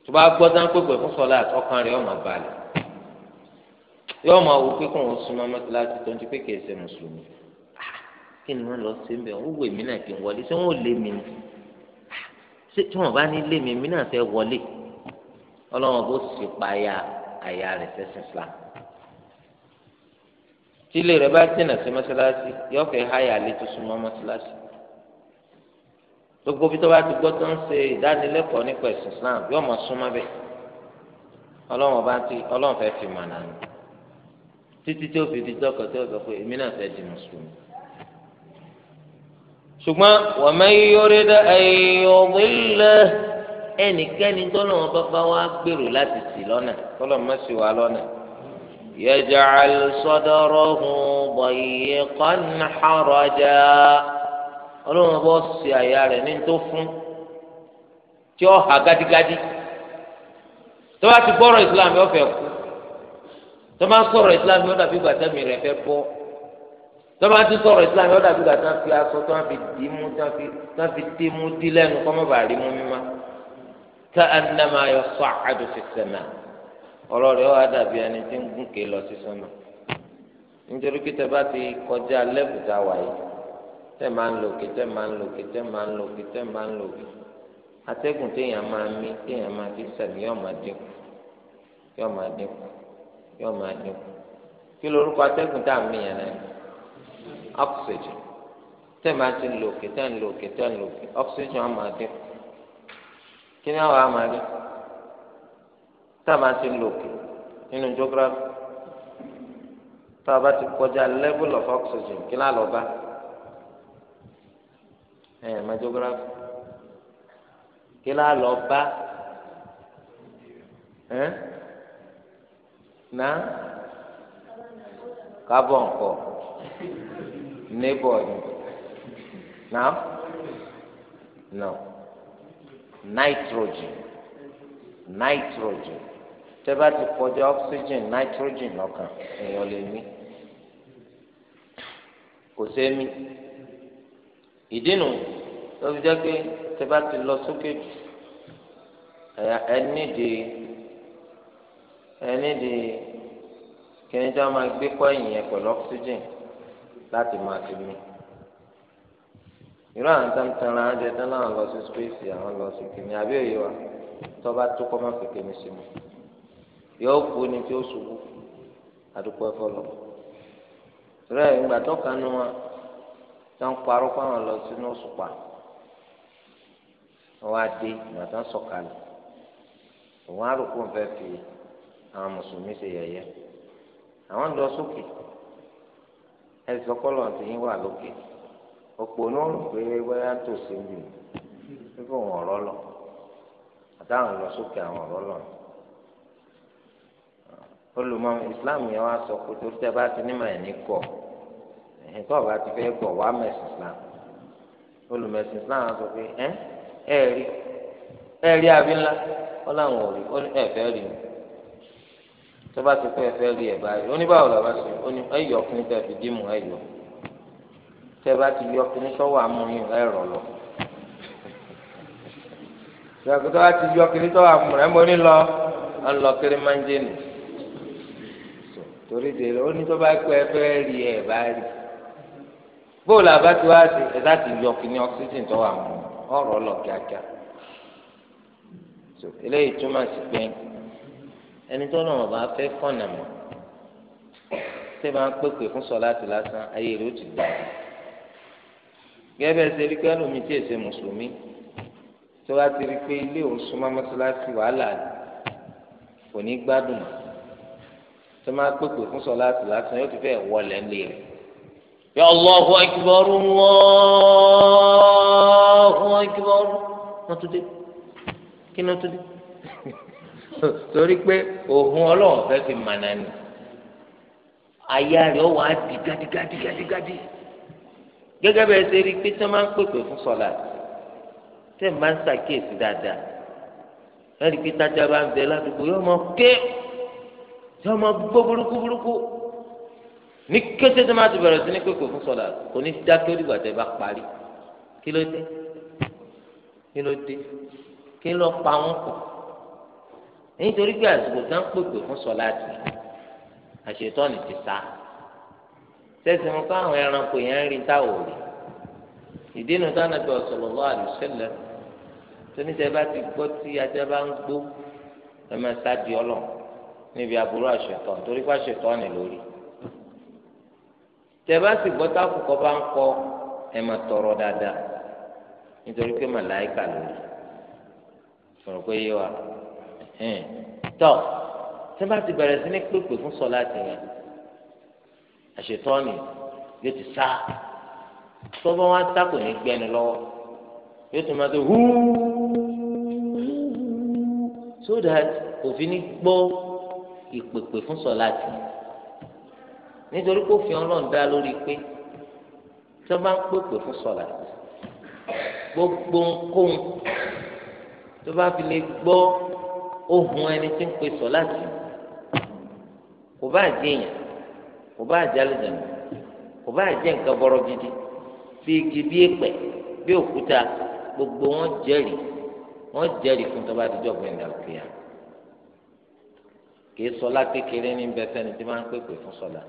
tó bá gbọ́ tán pé pẹ̀ fún sọlá ọkàn rẹ̀ ọmọ balẹ̀ yóò máa wò pé kò ń súnmọ́ mọ́tíláṣí tó ń ti pé kìí ṣe mùsùlùmí ah, kí ni wọ́n lọ sí ń bẹ̀ wọ́n wò mí náà kí n wọlé ṣé wọ́n lé mi ni ah, tí wọ́n bá ní lé mi mi náà fẹ́ wọlé ọlọ́run bó sì payà àyà rẹ̀ sẹ́sìn islam tí ilé rẹ̀ bá jìnnà sí mọ́ṣáláṣí yóò fẹ́ háyà lé tó súnmọ́ mọ́ṣáláṣí gbogbo bí tó bá ti gbọ́ tó ń ṣe ìdánilẹ́kọ̀ọ́ nípa ẹ̀sìn islam yóò máa súnmọ́ bẹ́ẹ̀ ọlọ́run bá ti ọlọ́run fẹ́ fi mànà ni títí tí fi di dọ́kọ̀ tí sọ pé èmi náà fẹ́ di mùsùlùmí ṣùgbọ́n wa man yurid ẹnikẹ́ni tọ́lọ́wọ́n bàbá wa gbèrò láti ṣì lọ́nà tọ́lọ́wọ́n má ṣì wá lọ́nà. yaj'al sadrahu dayiqan haraja ọlọ́wọ́n bọ́ ṣe àyà rẹ̀ ní tó fún tí ó hà gádígádí tó bá ti gbọ́rọ̀ islam yóò fẹ́ kú tó bá sọ̀rọ̀ islam yóò dàbí gbàtẹ́mi rẹ̀ fẹ́ bọ́ tó bá ti sọ̀rọ̀ islam yóò dàbí gbàtẹ́mi fi aṣọ tó wọ́n fi dì tó wọ́n fi dé mú dí lẹ́nu kọ́mọ́bàá rí mú mímá ká anamá yọ sọ àdùfẹ sẹmà ọ̀rọ̀ rẹ̀ wà dàbí ẹni tí ń gúnkè lọ sí sọmọ nítorí pé tẹ́ bá ti kọjá lẹ́bùtà wáyé tẹ́ máa ń lò kí tẹ́ máa ń lò kí tẹ́ máa ń lò kí tẹ́ máa ń lò kí atẹ́gùn téèyàn máa mí téèyàn máa fi sẹ̀mí yóò máa dínkù yóò máa dínkù yóò máa dínkù kí lorúkọ atẹ́gùn tá à mí yẹn náà oxygen tẹ́ máa ti lò kí tẹ́ ń lò kí tẹ́ ń lò kí oxygen á máa dínkù kí ni àwọn àmà rí tá a máa ti lò kè nínú geography tá a bá ti kọjá level of oxygen kí náà lọ bá ẹ ẹ máa geography kí náà lọ bá ẹ náà carbon kọ neighbor yìí náà no nitrogen nitrogen tẹ́bá ti kọjá oxygen nitrogen lọ́kàn èèyàn lè mí kò sẹ́mi ìdínú tó fi jẹ́ pé tẹ́bá ti lọ sókè jù ẹni di ẹni di kìnìún tí wọ́n máa gbé kọ́ ẹ̀yìn yẹn pẹ̀lú oxygen láti máa fi mí. irú àwọn tó ń tanra jẹ tán láwọn lọ sí spéèsì àwọn lọ sí kìnìún àbí òye wa tó bá tó kọ́ fi kìnìún sí mu yóò kú ni tí ó ṣubú àdúgbò ẹ̀fọ́ lọ. rẹ̀ ìgbà tó kánú wa tó parọ́ fáwọn lọ sínú òṣùpá á dé ìgbà sọ̀kalẹ̀ òun òpònú rò pé wáyà tó sí mi nígbà wọn ọ̀rọ̀ lọ àtàwọn lọ sókè àwọn ọ̀rọ̀ lọ olùmọ̀ islam yẹn wá sọ pé tó tẹ bá ti ní màá ní kọ ẹ̀hìn tó bá ti fẹ́ kọ wá mẹ̀sìn islam olùmẹ̀sìn islam sọ pé ẹ ẹ rí ẹ rí abí ńlá ó láwọn ò rí ó ní ẹ fẹ́ rí mi tó bá ti fẹ́ fẹ́ rí ẹ̀ báyìí ó ní báwo làwọn ṣe ó ní ẹ fún tẹ fi dí mu ẹ tẹ bá ti yọ kíní sọ́wọ́ amúyín ẹ̀rọ lọ tẹ bá ti yọ kíní sọ́wọ́ amúyín ẹ̀mọ́ ní lọ ọlọ kiri máa ń jẹ nù torí de ó ní tó bá pẹ́ fẹ́ rí ẹ̀ bá rí bóòlù àbátí wá sí ẹ̀ láti yọ kíní tó wà mú ọ̀rọ̀ lọ kíákíá so eléyìí túmọ̀ sí pé ẹni tó náà bá fẹ́ fọ̀nà mọ́ tẹ́ máa ń pèpè fún sọ láti lásán ayé rẹ̀ ó ti gbà yìí gẹ́gẹ́ bẹ́ẹ̀ ṣe rí pé ẹlòmíì tí èsè mùsùlùmí tó bá ti rí pé ilé òun súnmọ́ mọ́ṣáláṣí wàhálà kò ní gbádùn tó máa pèpè fún sọláàtì lásán yóò ti fẹ́ wọlé lé rẹ̀ yọ Allahu akbar Allahu akbar wọ́n tún dé kí ni wọ́n tún [laughs] torí pé òun ọlọ́run fẹ́ fi mànà ni àyà rẹ̀ wà á di gádígádígádígádí gẹ́gẹ́ bẹ́ẹ̀ ṣe rí i pé tí wọ́n máa ń pèpè fún sọ̀lá tẹ̀ máa ń ṣàkíyèsí dáadáa lẹ́yìn pé tájà bá ń bẹ ládùúgbò yóò mọ ké yóò mọ gbó burúkú burúkú ní kété tó máa ti bẹ̀rẹ̀ sí ní pèpè fún sọ̀lá kò ní dákẹ́ ó dìgbà bá parí kí ló dé kí ló dé kí ló pa wọn pọ̀ nítorí pé àsìkò tá ń pèpè fún sọ̀lá àti àṣetọ́ni ti sáà sẹ́sìn mú káwọn ẹranko yẹn ń rí táwọn ò rí ìdí inú táwọn ẹgbẹ́ sallallahu alaihi wasallam tóníṣẹ́ bá ti gbọ́ tí ajá bá ń gbó ẹ máa sáàdì ọlọ níbi àbúrò àṣetọ torí pé àṣetọ ni lórí tẹ́ bá sì gbọ́ tákùkọ bá ń kọ ẹ tọrọ dáadáa nítorí pé màláìkà lórí sọ̀rọ̀ pé yé wa tọ́ tẹ́ bá ti bẹ̀rẹ̀ sí ní pèpè fún sọ́láàtì yẹn àṣetọ́ni yóò ti sá tó bá wọn sá kò ní gbẹni lọ́wọ́ yóò tún máa tó húú so that òfin ní gbọ́ ìpèpè fún sọ̀láàtì nítorí kó fi ọlọ́run dá lórí pé tí wọ́n bá ń pèpè fún sọ̀láàtì gbogbo nkóhun tó bá fi lè gbọ́ ohùn ẹni tí ń pè sọ̀láàtì kò bá jẹ́ èèyàn kò bá àjálùjẹ̀mù kò bá àjẹ́ nǹkan bọ́rọ̀ gidi bí igi bí èpẹ̀ bí òkúta gbogbo wọn jẹ́rìí wọn jẹ́rìí fún tọ́ba àtijọ́ gbẹ̀ndà òkèèyà kìí sọlá kékeré ní bẹ fẹ́ni tí wọ́n á pèpè fún sọlá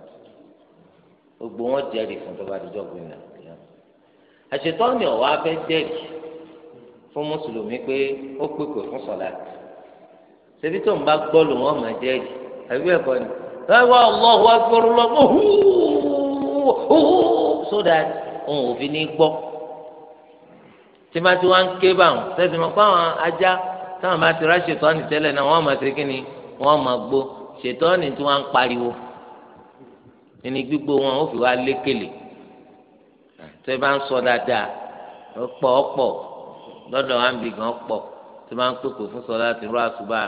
gbogbo wọn jẹ́rìí fún tọ́ba àtijọ́ gbẹ̀ndà òkèèyà àṣetọ́ni ọ̀wá fẹ́ jẹ́rìí fún mùsùlùmí pé ó pèpè fún sọlá ṣebí tó ń bá gbọ́ lòun ọ̀mà jẹ́rìí àbí bẹ́ẹ̀ kọ́ ni ẹ wá Allahu Akbar lọ́wọ́ so that òun ò fi ní gbọ́ tí ma ti wá ń ké bá wọn tẹsí ma kó àwọn ajá táwọn bá ti rá ṣètọ́ni tẹ́lẹ̀ náà wọ́n máa ṣe kí ni wọ́n máa gbó ṣètọ́ni tí wọ́n ń pariwo ẹni gbígbó wọn ó fi wá lékele tẹ bá ń sọ dáadáa ọ̀pọ̀ ọ̀pọ̀ lọ́dọ̀ wa ń bì gan ọ̀pọ̀ tẹ bá ń pèpè fún sọ láti rú àṣùbà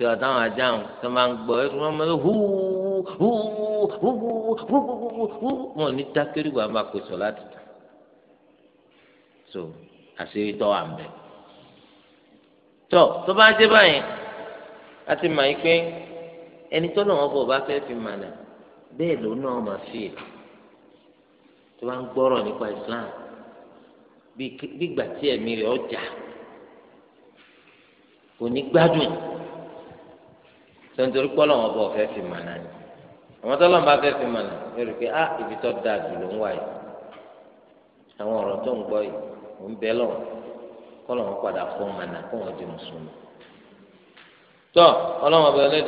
tí ọ̀tá àwọn ajá àwọn tó máa ń gbọ́ ẹ̀rọ wọn máa ń hu hu hu hu hu wọn ní dákẹ́rì wà máa pèsè láti so àṣírí tọ́ wà mbẹ́ tọ́ tó bá dé báyìí a ti mọ̀ pé ẹni tó náà wọ́n bọ̀ Islam bí gbàtí ẹ̀mí rẹ̀ ọjà kò ní tó ń torí wọn bọ̀ fẹ́ fi mànà ni àwọn tó lọ́nà fẹ́ fi mànà yóò rí pé ah, ibi tó da jù ló ń wà yìí àwọn ọ̀rọ̀ tó ń gbọ́ yìí ń lọ́wọ́ padà fọ́ mànà kó wọn di mùsùlùmí. tó ọlọ́wọ́n bẹ̀rẹ̀ lé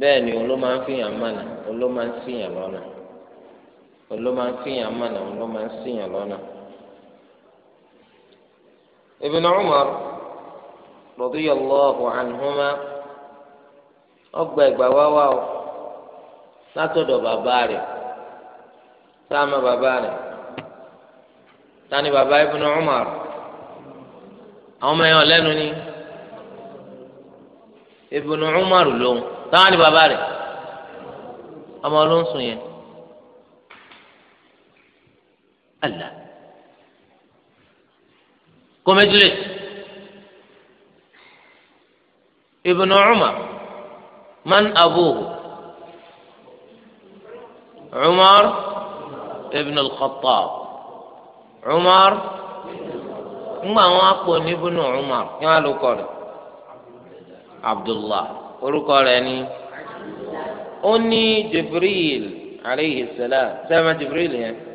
bẹ́ẹ̀ ni òun máa ń fìyàn mànà òun máa ń fìyàn lọ́nà máa ń fìyàn radiyallahu anhuma ọgbà ẹgbà wá wá o látọ̀dọ̀ bàbá rẹ̀ sáàmà bàbá rẹ̀ tani bàbá ibn Umar àwọn ọmọ yẹn ọlẹ́nu ni ibn Umar lòun táwọn ni ابن عمر من أبوه عمر ابن الخطاب عمر ما أقول ابن عمر قالوا قال عبد الله يعني أني جبريل عليه السلام سمع جبريل يعني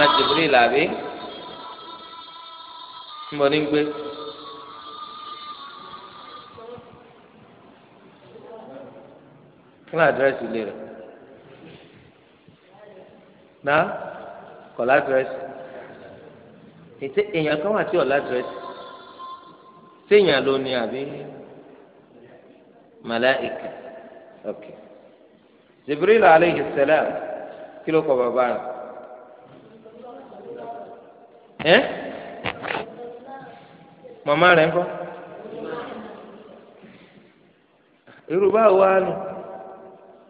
Muhammad Jibril làbí nbọ ní gbé. kí ni àdírẹ́sì ilé rẹ̀ náà kọ̀ ládírẹ́sì ètè èèyàn kan wà tí ọ̀ ládírẹ́sì séèyàn ló ní àbí màláìkà ok Jibril alayhi salam kí ló kọ bàbá rẹ̀. ẹ eh? mama rẹ̀ ńkọ́ irú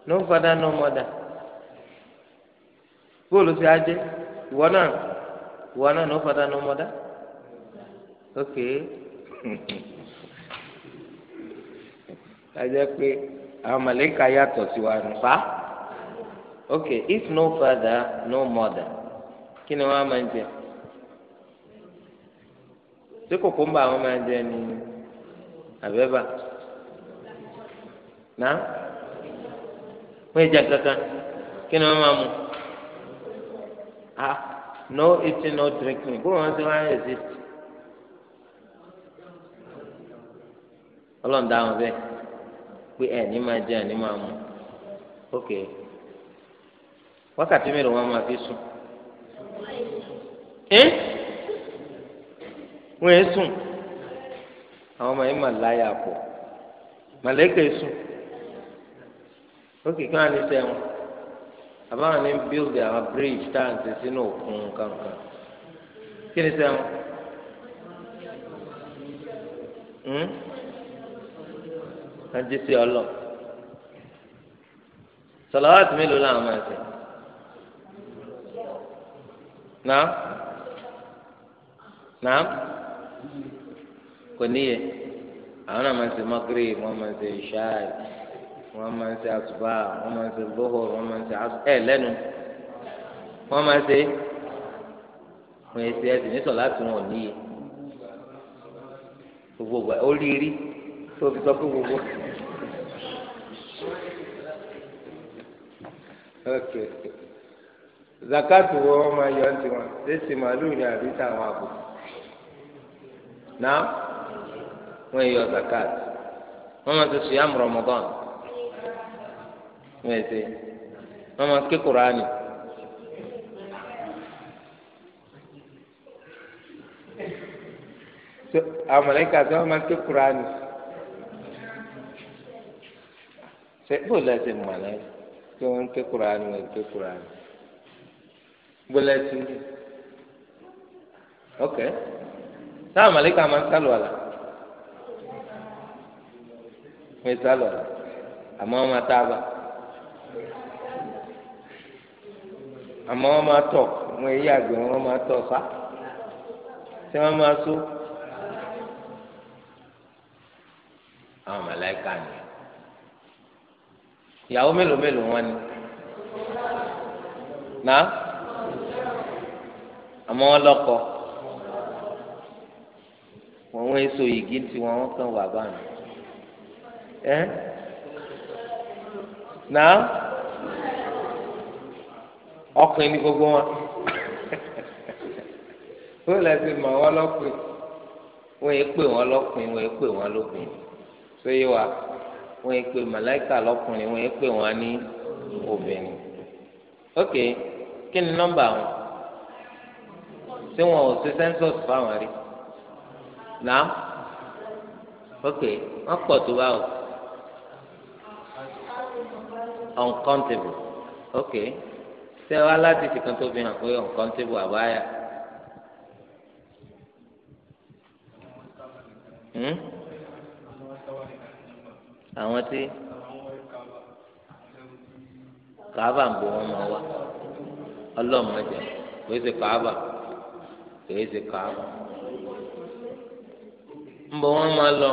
no father no mother bóòlù no father no mother ok pé yàtọ̀ sí wa ok if no father no mother kí ni ṣé kòkómbà àwọn máa ń jẹ ní àbẹ́bà náà wọ́n ìjà kankan kí ni wọ́n máa mú ah no eating no drinking kó wọ́n ti wáyé sí ọlọ́ọ̀dà àwọn bẹ́ẹ̀ pé ẹ̀ ní máa jẹ ẹ̀ ní máa mú ok wákàtí mélòó wọn máa fi sùn. Eh? wọn yẹn sùn àwọn ọmọ yẹn mà láyà pọ̀ màlẹ́kẹ̀ sùn ó kì í kàn án ní sẹ́wọ̀n àbáwọn ní build our bridge tá à ń ṣe sínú òkun kankan kí ni sẹ́wọ̀n ajé hmm? sí ọlọ sọlọ́wọ́tì mélòó làwọn máa ṣe náà náà. kò níye àwọn náà máa ń ṣe mọ́kírì wọ́n máa ń ṣe ṣáì wọ́n máa ń ṣe àtúbà wọ́n máa ń ṣe bóhò wọ́n máa ń ṣe ẹ̀ lẹ́nu wọ́n máa ń ṣe wọ́n èsì ẹ̀sìn nítorí láti wọn ò níye gbogbo ẹ̀ ó rí rí tó fi sọ pé gbogbo. zakatu wo náà wọ́n yọ zakat wọ́n máa ti sùyàmù Ramadan wọ́n èsè wọ́n máa ké Kùránì. amọ̀lẹ́kà tí wọ́n máa ké Kùránì. ṣe bóòlù ẹsẹ̀ mọ̀lẹ́ tí wọ́n ké Kùránì wọ́n ké Kùránì. bóòlù ẹsẹ̀ ok. okay táwọn màlíkà máa ń sálù àlà wọ́n sálù àlà àmọ́ wọ́n máa tábà àmọ́ wọ́n máa tọ̀ wọ́n yí àgbẹ̀ wọ́n máa tọ̀ sá tí wọ́n máa so àwọn màlíkà ni ìyàwó mélòó mélòó wọn ni náà àmọ́ wọn lọ́kọ̀ọ́ àwọn èso yìí ti wọn wọn kàn wà bá mi ẹ nà ọkùnrin ní gbogbo wọn [laughs] ó lè fi mọ wọn lọkùnrin wọn yìí pè wọn lọkùnrin wọn yìí pè wọn lóbìnrin ṣé yé wa wọn yìí pè màláìkà lọkùnrin wọn yìí pè wọn ní obìnrin ok kí ni nọ́mbà wọn ṣé wọn ò ṣe census fáwọn rí nàám ok wọn pọ̀ tó báwo uncountable ok ṣé wàá láti fìkan tó fi hàn pé uncountable àbáyà. Hmm? àwọn tí kàábà ń bọ wọn máa wá ọlọ́mọdé kò é ṣe kàábà kò é ṣe kàábà ńbọ wọn máa lọ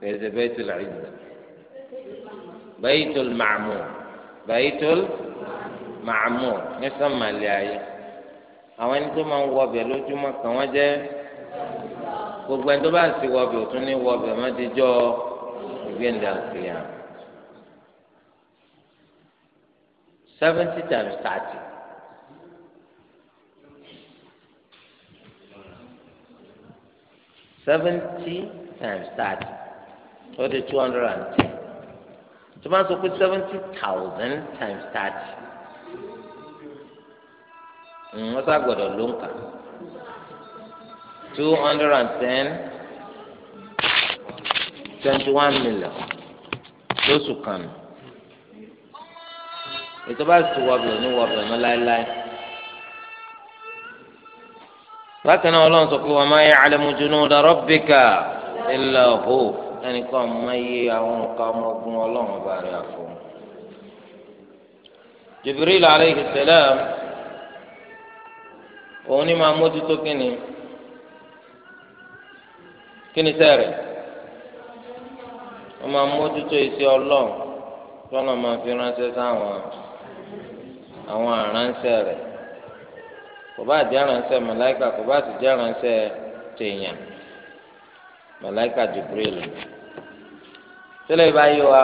bẹẹsẹ baitul izza baitul ma'mur baitul ma'mur ní sọmọlẹ ayé àwọn ẹni tó máa ń wọbẹ lójúmọ́ kàn wọn jẹ gbogbo ẹni tó bá sì wọbẹ òtún ní wọbẹ má ti jọ ìgbéǹda òkèèyàn seventy times thirty. seventy times thirty ó di two hundred and ten tó bá sọ pé seventy thousand times thirty mm, wọ́n sá gbọ́dọ̀ ló ń kà two hundred and ten twenty one million lóṣù kan ètò bá ti wọbẹ̀ ní wọbẹ̀ mọ́ láéláé bákan náà ọlọ́run sọ pé wa ma ya'lamu junuda rabbika illa hu ẹnìkan máa yé àwọn nǹkan ọmọogun ọlọ́run ọba rẹ̀ àfọ. Jibril alayhi salam òun ni máa mójútó kínni kínni sẹ́rẹ̀ wọ́n máa mójútó iṣẹ́ ọlọ́run tọ́nà máa fi ránṣẹ́ sáwọn àwọn àránṣẹ́ rẹ̀ kò bá jẹ́ aránṣẹ́ màláìka kò bá sì jẹ́ aránṣẹ́ tèèyàn màláìka Jibril tẹ́lẹ̀ bá yé wa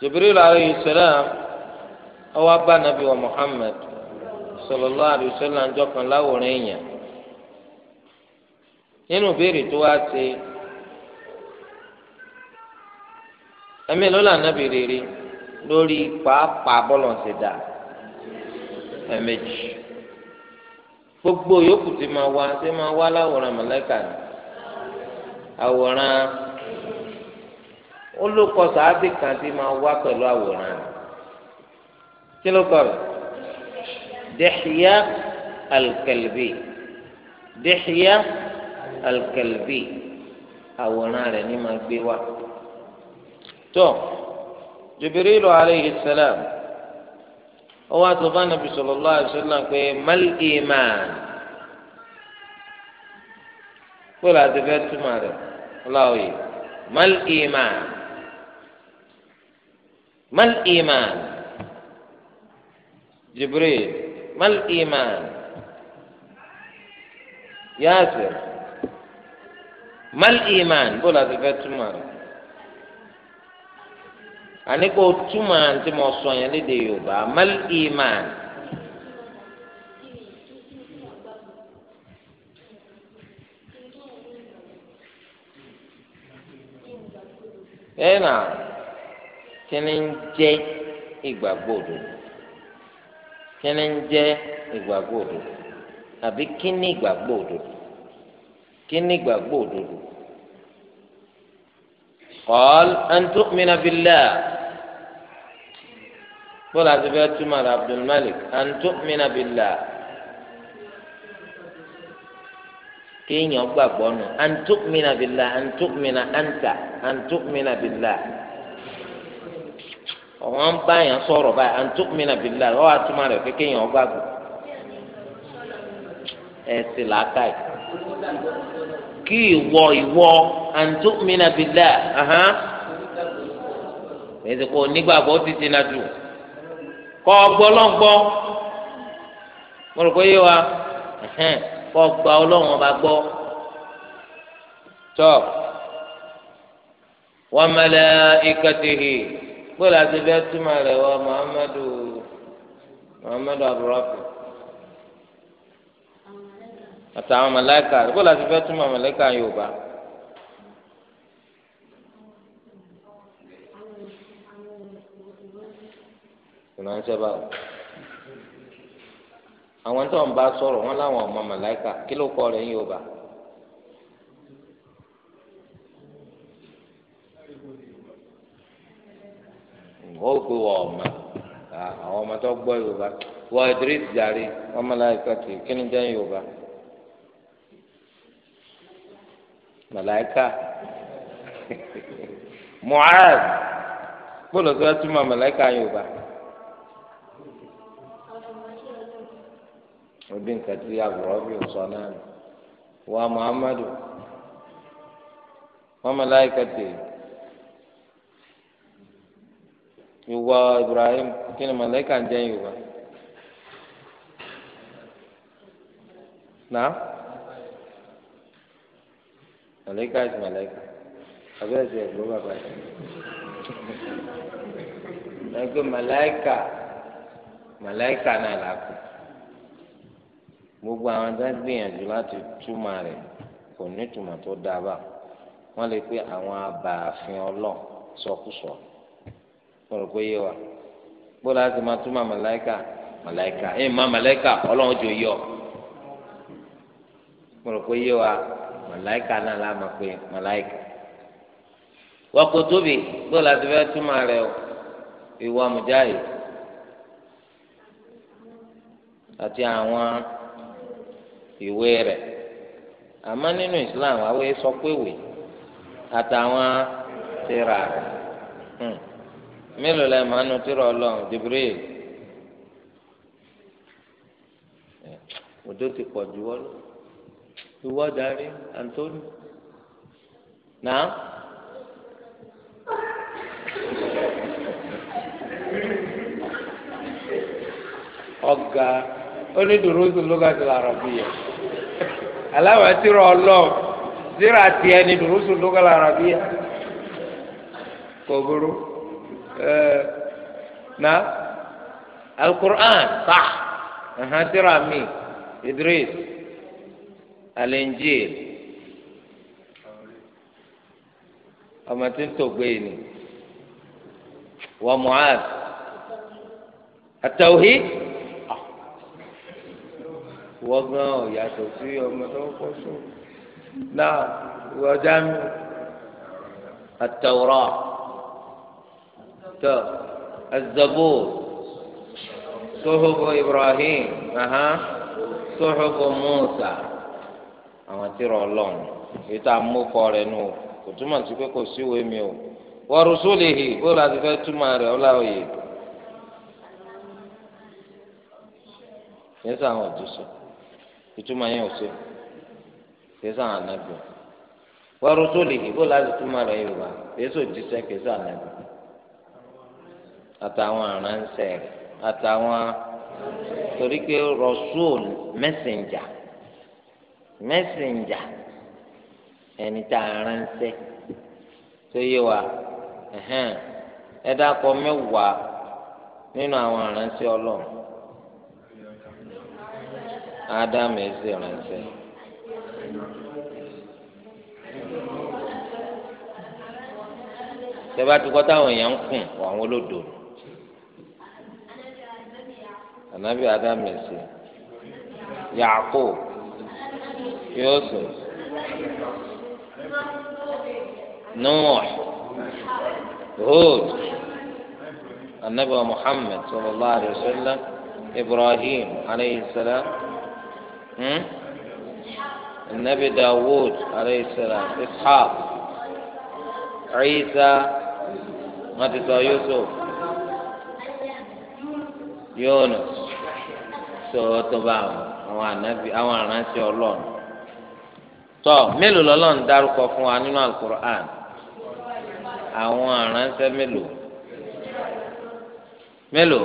Jibril alayhi salam ọwọ́ abá nàbí wa Muhammad sallallahu alayhi wasallam ń jọkàn láwòrán èèyàn nínú ìbéèrè tó wá ṣe ẹ̀mí ló nàbí rere lórí pàápàá bọ́lọ̀ dáa ẹ̀ẹ̀mejì gbogbo yòókù ti máa wá ti máa wá láwòrán mọ̀lẹ́kà ni àwòrán ó ló kọ sàábì kan ti máa wá pẹ̀lú àwòrán ni kí ló kọ rẹ̀ Dihya al-Kalbi Dihya àwòrán rẹ̀ ni máa gbé wá tó Jibrilu alayhi salam ọwọ asọfà nàbì sallallahu alaihi wasallam pé mal iman kpọlọ àti fẹẹ túmọ̀ rẹ̀ ọláwòye mal iman mal iman jibril mal iman yaasir mal iman kpọlọ àti fẹẹ túmọ̀ rẹ̀. àní kò túmọ̀ ti mo sọ yẹn léde yorùbá mal iman. ẹnà kíni ń jẹ́ ìgbàgbọ́ òdodo kíni ń jẹ́ ìgbàgbọ́ abi bọ́lá ti fẹ́ túmọ̀ rẹ̀ abdulmalik an tu'mina billah kéèyàn gbàgbọ́ nù an tu'mina billah an tu'mina anta an tu'mina billah ọ̀wọ́n bá yẹn sọ̀rọ̀ báyìí an tu'mina billah ọ̀ àtúmọ̀ rẹ̀ pé kéèyàn gbàgbọ́ ẹ̀ sì làákàyè kí ìwọ ìwọ an tu'mina billah ẹ̀sìn kò nígbàgbọ́ títí náà dùn kọ́ ọgbọ́ lọ́ngbọ́ mo rò pé yé wa kọ́ ọgbà ọlọ́run ọba gbọ́ tọ́ wa malaikatihi gbọ́dọ̀ àti bẹ́ẹ̀ túmọ̀ rẹ̀ wá muhammadu muhammadu aburafi àtàwọn màláíkà gbọ́dọ̀ àti bẹ́ẹ̀ túmọ̀ màláíkà yorùbá. ránṣẹ́ báwo àwọn tó ń bá sọ̀rọ̀ wọn láwọn ọmọ màláìka kí ló kọ rẹ̀ ń yóò bá. ó pe wọ ọmọ àwọn ọmọ tó gbọ́ yorùbá wọ idris jàre ọmọ màláìka tì kí ni jẹ́ yorùbá. màláìka [laughs] mu'az gbọ́dọ̀ tó màláìka òbí nǹkan tí àbúrò bí ń sọ náà ni wa muhammadu wa malaikati ìwà ibrahim kí ni malaika ń jẹ́ yorùbá náà malaika is malaika abẹ́rẹ́ ti ẹ̀gbọ́n bàbá yìí ẹgbẹ́ malaika malaika náà làákùn gbogbo àwọn tó ń gbìyànjú láti túmọ̀ rẹ̀ kò ní túmọ̀ tó dábà wọ́n lè pe àwọn abààfin ọlọ́ sọkúsọ mo rò pé yé wa bó láti máa túmọ̀ màláìka màláìka ẹ̀ má màláìka ọlọ́run jò yọ mo rò pé yé wa màláìka náà la máa pe màláìka wọ́kọ̀ tóbi bó láti fẹ́ túmọ̀ rẹ̀ o ìwà mùjáyì àti àwọn. ìwé rẹ̀ àmọ́ nínú Islam àwọn sọ pé àtàwọn tírà rẹ̀ hmm. mélòó lẹ́ẹ̀ máa nu tírà ọlọ́run Jibril òjò ti pọ jù wọ́n darí Antoni náà. ó ní dùrúsù lókàtì làrọ̀bìyà aláwọ̀ tìrọ̀ ọlọ́ tìrọ̀ àti ẹni dùrúsù lókàtì làrọ̀bìyà kò burú ẹ̀ẹ́ na alukur'an ta ẹ̀hán tìrọ̀ mi idris alenjil ọmọ tí ń tògbé yìí ni wà mu'ad atawhid wọ́gán ọ̀yàtọ̀ sí ọmọ tó kọ́ sọ náà ìwọ́jà mi àtẹ̀wọ́rọ̀ tó azabó sọ́hófó Ibrahim sọ́hófó Musa àwọn tí rọ lọ́nù èyí tá a mú kọ rẹ̀ nù kò túmọ̀ sí pé kò síwèé mi o wa rusulihi bó la ti fẹ́ túmọ̀ rẹ̀ ọ́ láòyè. yẹn sọ àwọn òjíṣẹ́. ìtumọ̀ yẹn ò ṣe kẹsà ànábì wọ́n rúṣó lè kí láti túmọ̀ rẹ̀ yorùbá kẹsà òjíṣẹ́ kẹsà ànábì àtàwọn aránṣẹ́ rẹ̀ àtàwọn torí pé mẹ́sẹ̀njà mẹ́sẹ̀njà ẹni tá tó yé wa mẹ́wàá nínú àwọn aránṣẹ́ ọlọ́run. Adam ẹsẹ ránṣẹ́. tẹ́bá ti kọ́ táwọn èèyàn ń kùn wọ àwọn olódò ànábì Adam ẹsẹ Yaako Yusuf Nuh Hud ànábì Muhammad sallallahu alaihi wasallam Ibrahim aleyhi salam. النبي داوود عليه السلام إسحاق عيسى مدرسة يوسف يونس tọ mélòó dárúkọ fún wa nínú alukur'an àwọn mélòó mélòó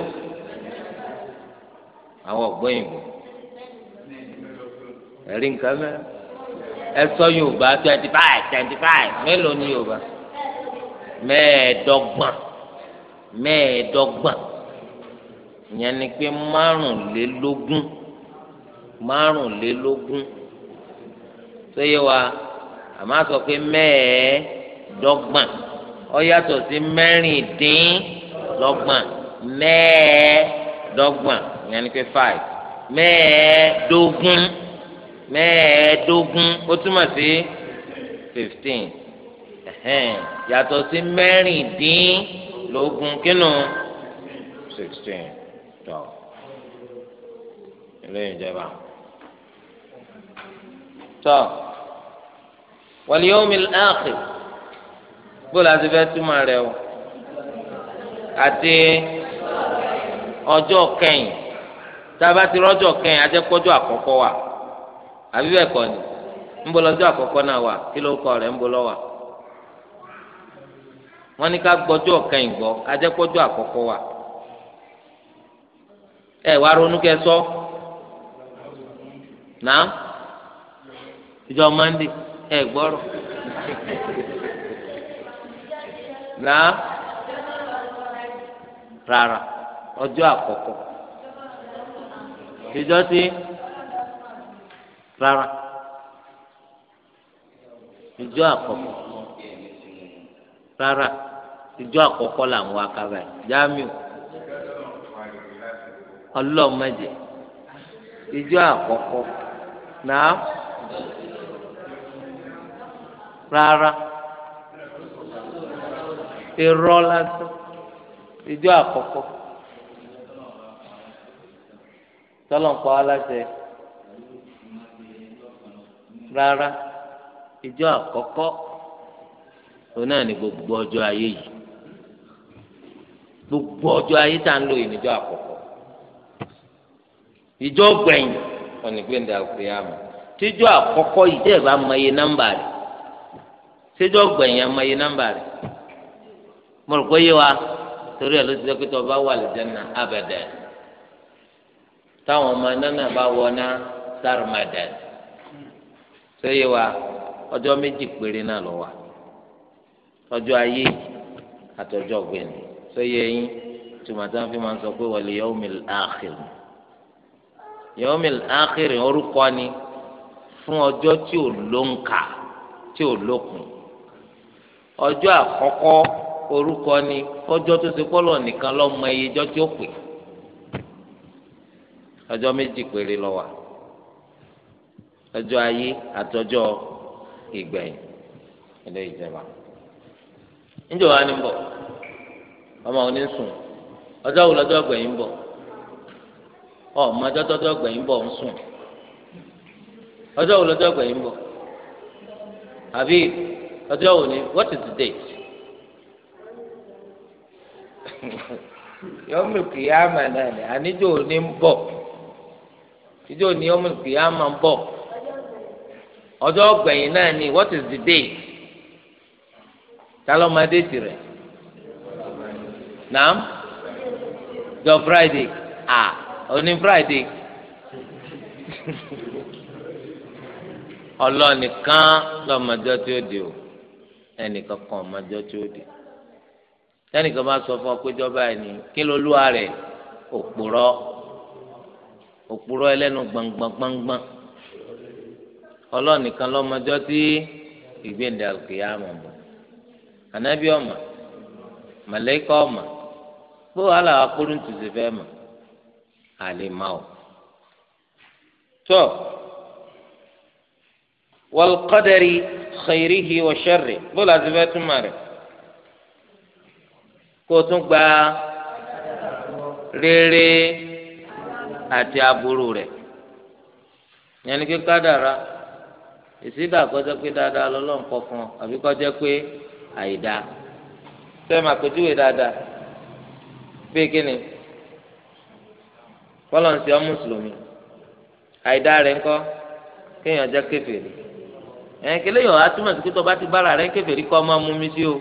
àwọn ẹ̀rí nǹkan mẹ́ ẹ sọ yorùbá twenty five twenty five mélòó ní yorùbá mẹ́ẹ̀ẹ́dọ́gbọ̀n mẹ́ẹ̀ẹ́dọ́gbọ̀n ìyẹn ni pé márùnlélógún márùnlélógún tó yẹ wa àmọ́ sọ pé mẹ́ẹ̀ẹ́dọ́gbọ̀n ó yàtọ̀ sí mẹ́rìndínlọ́gbọ̀n mẹ́ẹ̀ẹ́dọ́gbọ̀n ìyẹn ni pé five mẹ́ẹ̀ẹ́dógún mẹ́ẹ̀ẹ́dógún ó túmọ̀ sí fifteen yàtọ̀ sí mẹ́rìndínlógún kínú sixteen tọ́ eléyìí jẹba tọ́ wal yawmil akhir gbọ́dọ̀ àti fẹ́ túmọ̀ rẹ̀ o àti ọjọ́ kẹyìn tá a bá ti rọ́jọ́ kẹyìn àti àkọ́kọ́ wa. àbí bẹ́ẹ̀ kọ́ ni ńbọlọ́jọ́ àkọ́kọ́ náà wà kí ló kọ rẹ̀ ńbọlọ́ wà wọ́n ní ká gbọ́jọ́ kẹ́yìn gbọ́ àkọ́kọ́ wà ẹ wá ronú kẹ sọ náà ìjọ mọ́ndé ẹ gbọ́rọ̀ náà rárá ọjọ́ àkọ́kọ́ ìjọ rárá ìjọ àkọ́kọ́ rárá ìjọ àkọ́kọ́ là ń wá jamiu ìjọ àkọ́kọ́ náà rárá irọ́ lásán ìjọ àkọ́kọ́ tọ́lọ̀ ń pa wá rárá ìjọ àkọ́kọ́ òun náà ni gbogbo ọjọ́ ayé yìí gbogbo ọjọ́ ayé tá à ń lò yìí níjọ́ àkọ́kọ́ ìjọ gbẹ̀yìn ọ̀nìgbẹ́ndà òkè àmọ́ tíjọ́ àkọ́kọ́ yìí tẹ́ bá mọ nọ́mbà rẹ̀ tíjọ́ gbẹ̀yìn mọ wa torí ẹ̀ ló ti dẹ́kítọ̀ bá wà táwọn ọmọ náà bá wọ ná sẹ́yìn wa ọjọ́ méjì péré náà lọ wà ọjọ́ ayé àtọjọ́ ọ̀gbẹ́ni sẹ́yìn ẹ̀yìn tòmátà fi máa ń sọ pé wal yawmil akhir yawmil akhir orúkọ ni fún ọjọ́ tí ò lóǹkà tí ò lókun ọjọ́ àkọ́kọ́ orúkọ ni ọjọ́ tó ti pọ́lọ̀ nìkan lọ́mọ iye ọjọ́ tí ó pè ọjọ́ méjì péré lọ wà. ọjọ́ ayé àtọjọ́ ìgbẹ̀yìn ilé ìjọba níjọ wa ni ń bọ̀ ọmọ òní ń sùn ọjọ́ wo lọ́jọ́ gbẹ̀yìn ń bọ̀ ọmọ ọjọ́ tọ́jọ́ ń bọ̀ ń sùn ọjọ́ wo lọ́jọ́ gbẹ̀yìn ń bọ̀ àbí ọjọ́ wo ni what is the date yọmọ kìí àmà náà ni òní ń bọ̀ òní kìí àmà ń bọ̀. ọjọ́ ọgbẹ̀yìn náà ni what is the date talọ́ máa déètì rẹ̀ naam jọ friday ah oní friday [laughs] ọlọ́nìkan lọ́mọdé tí ó di o ẹnìkan kan ọmọdé tí ó di tẹnìkan bá sọ fún ọ pé jọba ẹni kí ló lúwa rẹ òpùrọ́ òpùrọ́ ẹlẹ́nu gbọngbọngbọngbọn ọlọ́run nìkan lọ́mọjọ́ tí ìgbéǹde àlùkìyámà mọ̀ ànábì ọ̀mà màlẹ́kọ̀ ọ̀mà bó wàhálà akóró ntùsí fẹ́ mọ̀ àlè má o. tó wal qadari khairihi wa sharri bó láti fẹ́ túmọ̀ rẹ̀ kó tún gba rere àti aburú rẹ̀ yẹn ni kí kádàrá ìsídà kọjá pé dáadáa lọ́lọ́run kọ fún ọ àbí kọjá pé àìdá sẹ́mi àpèjúwe dáadáa bíi kíni fọlọ́nsì ọ mùsùlùmí àìdá rẹ̀ ńkọ́ kéèyàn jẹ́ kèfèrí ẹ̀ kéléyàn á túmọ̀ sí pé tọba ti bára rẹ̀ kèfèrí kọ́ ọmọ mú mi sí o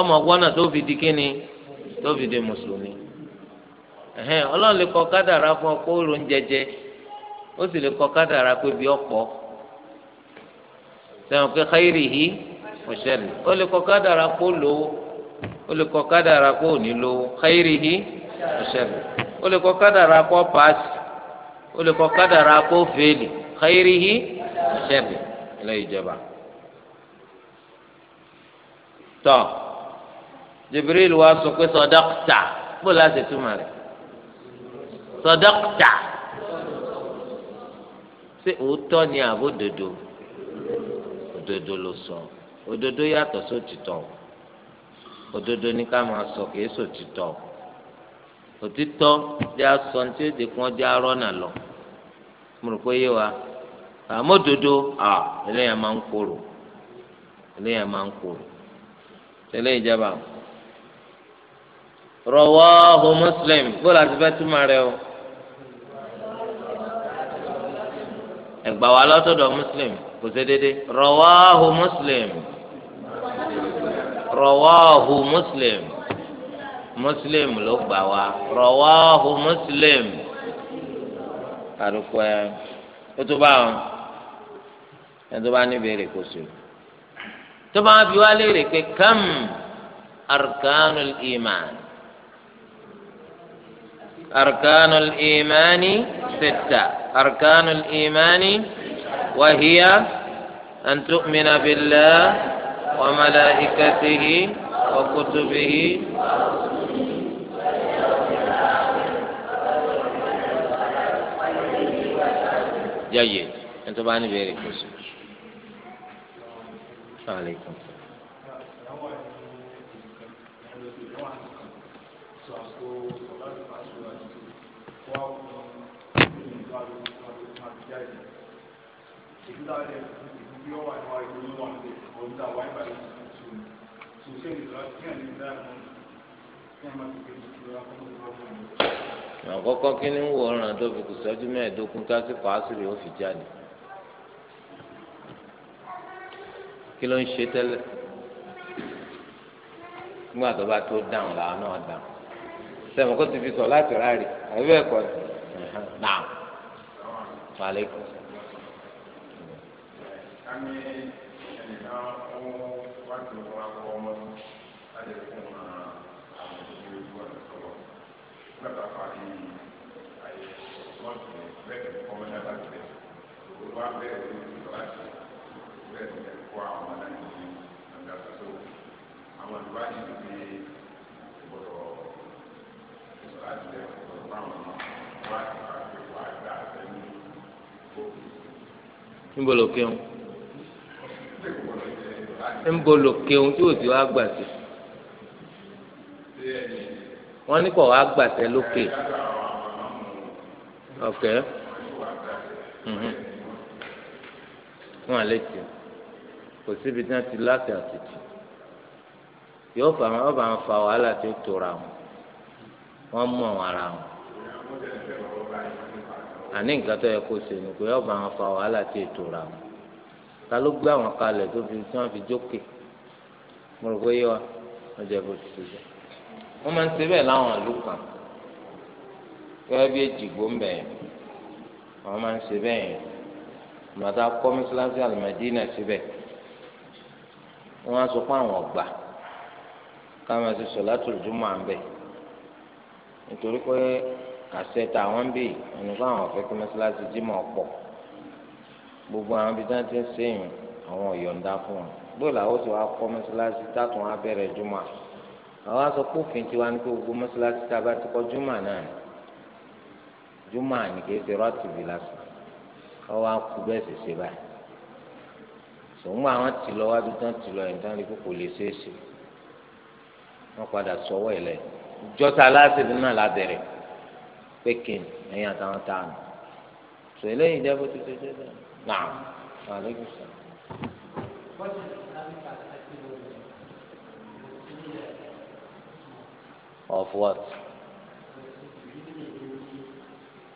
ọmọ gbọ́nà tó fi di kíni tó fi di mùsùlùmí ọlọ́run lè kọ kádàrá fún ọ kó oorun jẹjẹ ó sì lè kọ kádàrá pé bí ọ̀pọ̀ sẹ́wọ̀n pé khairihi wa sharri ó lè kọ́ kádàrà kó lówó ó lè kọ́ kádàrà kó ò ní lówó khairihi wa sharri ó lè kọ́ kádàrà kó paasi ó lè kọ́ kádàrà kó fèlì khairihi wa sharri ilé ìjọba. tọ́ Jibril wa sọ pé sadaqta bó láti túmọ̀ rẹ̀ sadaqta ṣé òótọ́ ni àbódodo òdodo ló sọ òdodo yàtọ̀ sótìtọ́ òdodo ní ká máa sọ kìí sòtìtọ́ òtítọ́ jẹ́ asọ tí ó di kún jẹ́ arọ́nà lọ mo rò pé yé wa àmọ́dodo à eléyà máa ń korò eléyà máa ń korò tẹ́lẹ̀ ìjọba rọwọ́ ọ̀hún mùsùlùmí bó la ti fẹ́ túmọ̀ rẹ o. ẹgbà wa lọ́tọ̀dọ̀ muslim kò ṣe déédé rọwáhu muslim rọwáhu muslim muslim ló gbà wá rọwáhu muslim àdùkọ ẹ ó tó bá wọn ẹ tó bá níbèrè kò sí tó bá wọn fi wá léèrè pé kam arkanul iman arkanul imani sitta. أركان الإيمان وهي أن تؤمن بالله وملائكته وكتبه جيد أنتم بعني بيرك عليكم ìdúdáwẹ̀ ìdúdí ọwà ìwà ìdúdí wà nílẹ̀ ọ̀dúdá wà ìgbà yìí tó ṣe ìdúrà tí à ní ìdúrà náà kí a máa ti gbé ìdúrà kọ́kọ́ ni ń wọ ọ̀ràn tó fi kù sẹ́jú mẹ́ẹ̀ẹ́dógún kásìkò àṣírí ó fi jáde kí ló ń ṣe tẹ́lẹ̀ nígbà tó bá tó dáhùn làwọn náà dáhùn sẹ́wọ̀n kó ti fi sọ láti ráàlì àbí bẹ́ẹ̀ kọ́ ni náà wàlẹ́kùn. ká ní ẹnìkan ó wá ju wọn akọ ọmọ tó láti fún wọn àwọn ìdílé ojú ọ̀nà sọ̀rọ̀ nígbà tá a parí àyè ọ̀tọ́ọ̀tì bẹ́ẹ̀ ni kọ́mọ́ náà láti bẹ̀ òwò wá bẹ́ẹ̀ ló ti lọ láti bẹ́ẹ̀ ni ẹ̀kọ́ àwọn náà ní ọ̀gá tó àwọn ìwádìí ti fi gbọdọ̀ ìsọ̀ láti bẹ̀ gbọdọ̀ báwọn wá ìwádìí wá gbà bẹ́ẹ̀ ní níbo ló kéwọn ń bolo kéwọn tí òsì wa gbà sí wọn ní kò wá gbà sẹ lókè ọkẹ wọn àlẹ tì kò síbi tí wọn ti láti àtìtì yóò fà wọn ọba wọn fa wàhálà tó tóra wọn wọn mú àwọn ara wọn àní nǹkan tó yẹ kó ṣe ni kò yóò fà wọn fa wàhálà tó tóra wọn ta ló gbé àwọn kalẹ̀ tó fi tí wọ́n fi jókè mo rò pé yé wa ọjà bó ti ṣe wọ́n máa ń ṣe bẹ́ẹ̀ láwọn ìlú kan gẹ́gẹ́ bí èjìgbó ń bẹ̀yẹn àwọn máa ń ṣe bẹ́ẹ̀ yẹn màtá kọ́ mọ́sálásí àlùmọ́dínà síbẹ̀ wọ́n á sọ fún àwọn ọgbà káwọn ti sọ láti òjúmọ́ à ń bẹ̀ nítorí pé àṣẹ tàwọn ń bì ẹnu fún àwọn ọ̀fẹ́ kí mọ́sálásí jímọ̀ pọ̀ gbogbo àwọn ibi tí wọn ti ń sèyìn àwọn ọ̀yọ̀ǹda fún wọn bóòlù àwọn oṣù wa kọ́ mọ́ṣáláṣí tátùn wa bẹ̀rẹ̀ jùmọ̀ àwọn aṣọ kófin tiwa ní gbogbo mọ́ṣáláṣí tá a bá ti kọ́ jùmọ̀ náà jùmọ̀ ní kí ẹsẹ̀ rọ́ọ̀tìbì lásán ọwọ́ akú bẹ́ẹ̀ sì ṣe báyìí sòwọ́n àwọn ti lọ wá bí tán ti lọ ẹ̀ tán kókò lè ṣe é ṣe wọ́n padà sọ́wọ́ ẹ̀ lẹ̀ ìjọta aláṣẹ́bí náà lábẹ́rẹ̀ pékin ẹ̀yìn àtàwọn táwọn sọ eléyìí jẹ́ bó ti ṣe jẹ́ bẹ́ẹ̀. نعم وعليكم السلام Of what?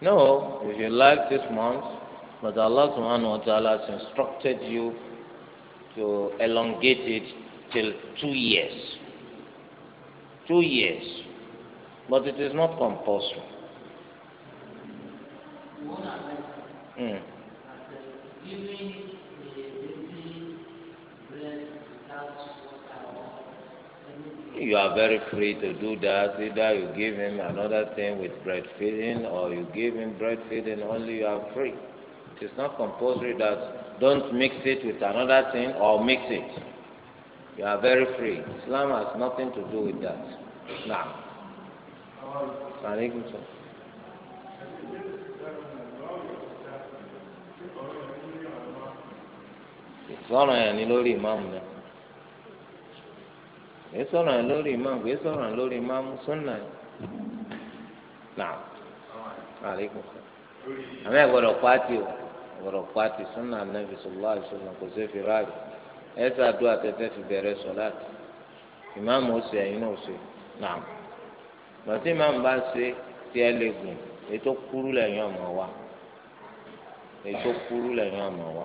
No, if you like this month, but Allah subhanahu wa ta'ala has instructed you to elongate it till two years. Two years. But it is not compulsory. Mm you are very free to do that. Either you give him another thing with bread feeding, or you give him bread feeding only, you are free. It is not compulsory that don't mix it with another thing or mix it. You are very free. Islam has nothing to do with that. Now. sọ̀rọ̀ yẹn ni lórí ìmáàmù náà èyí sọ̀rọ̀ yẹn lórí ìmáàmù èyí sọ̀rọ̀ yẹn lórí ìmáàmù náà àmì ẹ̀gbọ́dọ̀ pàtì o ẹ̀gbọ́dọ̀ pàtì sọ́nà anábì sọ̀lá àìsàn kò sí fi ráàlì ẹ̀ sàdó àtẹ̀tẹ̀ fi bẹ̀rẹ̀ sọ̀láàtì ìmáàmù ó ṣe ẹ̀yin náà ó ṣe náà lọ́tí ìmáàmù bá ṣe tí ẹ lè gùn ètò kúrú lẹ́yìn wa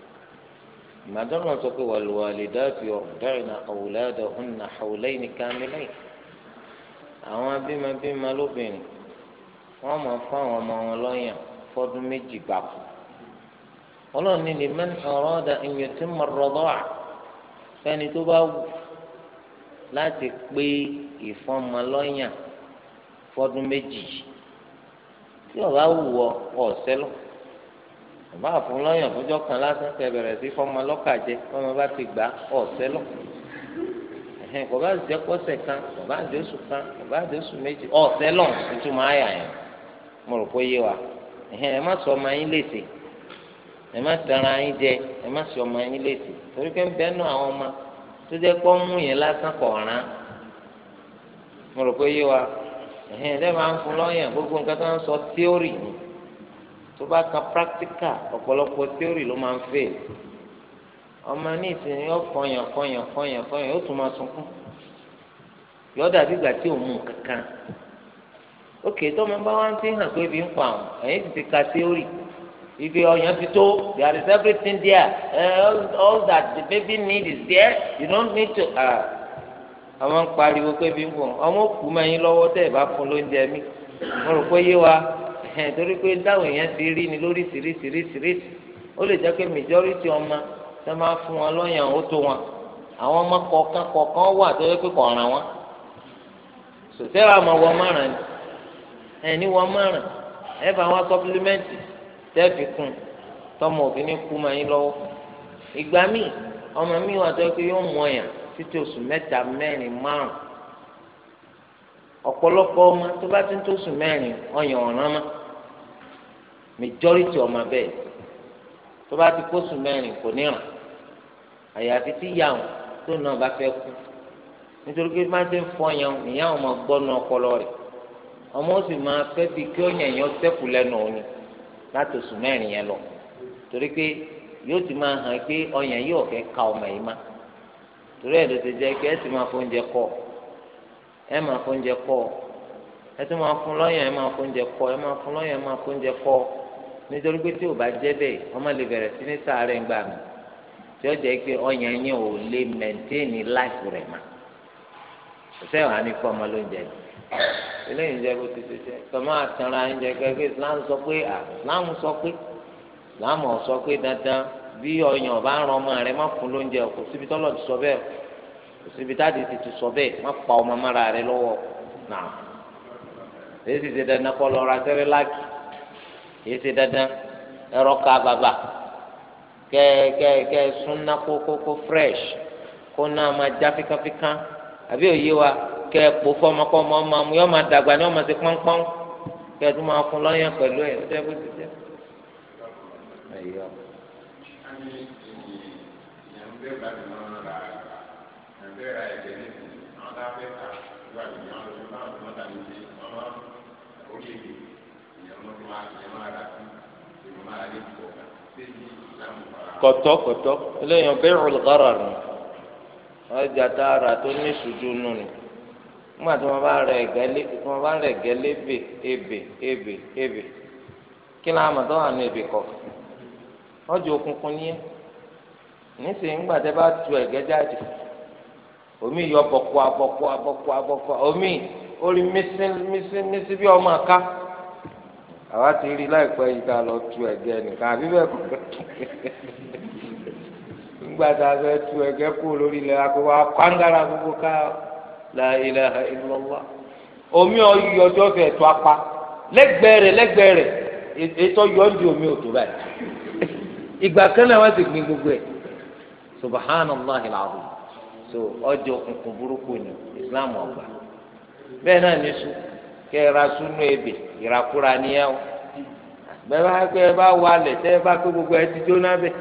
ìmàdánù sọ pé wàlúwàlídàtì ọ̀dọ́ìnà ọ̀wùládà ọ̀nà hawlayni kamilayn àwọn abímabíma lóbìnrin wọ́n máa fún àwọn ọmọ wọn lọ́yàn fọ́dún méjì gbàkú ọlọ́run ní liman arada an yutimma ar-rida'a fẹ́ni tó bá wù láti pé ìfọ́nmọlọ́yàn fọ́dún méjì tí ó bá wù ọ ọ̀sẹ́ lọ́wọ́. bàbá àfún lọ́yàn fọjọ́ kan lásán tẹ bẹ̀rẹ̀ sí fọmọ lọ́kà jẹ fọmọ bá ti gbà ọ̀sẹ́ lọ bàbá àjẹ kọ́sẹ̀ kan bàbá oṣù kan bàbá oṣù méjì ọ̀sẹ́ lọ ìtumọ̀ àyà yẹn mo rò pé yé wa ẹ má sọ ọmọ yín ẹ má yín jẹ ẹ má sọ ọmọ yín torí pé ń bẹ́ẹ̀ nù àwọn ọmọ tó jẹ́ pọ́ mú yẹn lásán kọ̀ ọ̀ràn mo rò tó bá kan practical ọ̀pọ̀lọpọ̀ theory ló máa ń fail ọmọ ní ìsinyìí yóò fọyàn fọyàn fọyàn fọyàn yóò tún máa sunkún yóò dàbí ìgbà tí òun mú kankan òkè tọ́mọ bá wá ń fi hàn pé ibi ń pa àwọn ẹ̀yìn ti ti ka theory ibi ọyàn ti tó there is everything there uh, all, all that the baby need is there you don't need to. Uh, àwọn ń pariwo pé bí ń fún ọmọ òkú mẹ́yìn lọ́wọ́ tẹ́ ẹ̀ bá fún lóúnjẹ mi mo rò pé yé wa ẹ̀hẹ́n torí pé dáwọn èèyàn ti rí ni lórí sírísírísírísì ó lè jẹ́ pé majority ọmọ tó máa fún wọn lọ́yàn ó tó wọn àwọn ọmọ kọ̀ọ̀kan kọ̀ọ̀kan wà tó yẹ pé kọ̀ ràn wọn sòtẹ́rà ọmọ wọn márùn ni ẹ̀ní wọn márùn ẹ bá wọn sọpílímẹ́ǹtì tẹ́ẹ̀fì kùn tọmọ òfin ní kú máa yín lọ́wọ́ ìgbà míì ọmọ míì wà tó yẹ pé yóò mọ títí oṣù mẹ́ta mẹ́rin márùn ọ̀pọ̀lọpọ̀ ọmọ tó majority ọmọ bẹ́ẹ̀ tó bá ti kóṣù mẹ́rin kò ní ràn àyàfi tí ìyá wọn tó náà bá fẹ́ kú nítorí pé má ti ń fọ ìyá wọn máa gbọ́ nu ọpọlọ rẹ̀ ọmọ sì máa fẹ́ bí kí ọ̀yàn yẹn sẹ́kù lẹ́nu òní láti oṣù mẹ́rin yẹn lọ torí pé yóò ti máa hàn pé yóò fẹ́ ka ọmọ yìí má torí ẹ̀ ló ti jẹ́ ẹ sì máa fóúnjẹ ẹ máa fóúnjẹ ẹ máa fún lọ́yàn ẹ máa fóúnjẹ ẹ máa fún nítorí pé tí o bá jẹ́ bẹ́ẹ̀ ọmọ lè sí ní tí ó pé ọyàn yẹn ò lè láìpù mà ní fún ọmọ lóúnjẹ ni eléyìí bó ti ṣe jẹ́ tọ́mọ́ àtàrà ń jẹ gẹ́gẹ́ Islam sọ pé Islam sọ pé Islam sọ pé dandan bí ọyàn bá ran ọmọ rẹ má fún lóúnjẹ kò síbi tọ́lọ̀ ti sọ bẹ́ẹ̀ kò síbi táàdì ti ti sọ bẹ́ẹ̀ má pa ọmọ mọ́ra rẹ lọ́wọ́ náà èyí sì èyí ṣe dandan ẹrọ ká bàbà kẹ kẹ kẹ súnná kó fresh kó náà máa já fíkánfíkán àbí òye wa kẹ fọmọ kọ ọmọ àmú yọ máa dàgbà ní ọmọ sí pọ́npọ́n kẹ tó máa fún lọ́yàn pẹ̀lú ẹ̀ ọjọ́ bó ti kọtọkọtọ kọtọ eléyìí ọbẹ ìrùlùkọrọ ni ọjà ara a rà tó ní sùdú nù ni nígbà tí wọn bá rẹ gẹlé tí wọn bá rẹ ebe bè ebè ebè ebè kí ló tó kọ ọ dị ni yẹ nísìnyí nígbà tí bá tu yọ omi àwa ti rí láìpẹ́ yìí ká lọ tu ẹ̀gẹ́ nìkan àbí bẹ́ẹ̀ kọ́ nígbà tá a fẹ́ tu ẹ̀gẹ́ kú lórí ilẹ̀ akọ́wá kwangara gbogbo ká la ilaha omi ọyọ ọjọ́ fẹ́ tó pa lẹ́gbẹ̀ẹ́ rẹ̀ lẹ́gbẹ̀ẹ́ rẹ̀ ètò yọ ọ́ di omi òtò báyìí ìgbà kan náà wọ́n ti gbin gbogbo ẹ̀ subhanallah so ọjọ́ òkùnkùn burúkú ni islam ọgbà bẹ́ẹ̀ náà ní kẹ́ra súnú ebè ìràkúra nìyẹn o bẹ́ẹ̀ bá kẹ́ ẹ bá wà lẹ̀ tẹ́ ẹ bá kó gbogbo ẹ ti jóná bẹ̀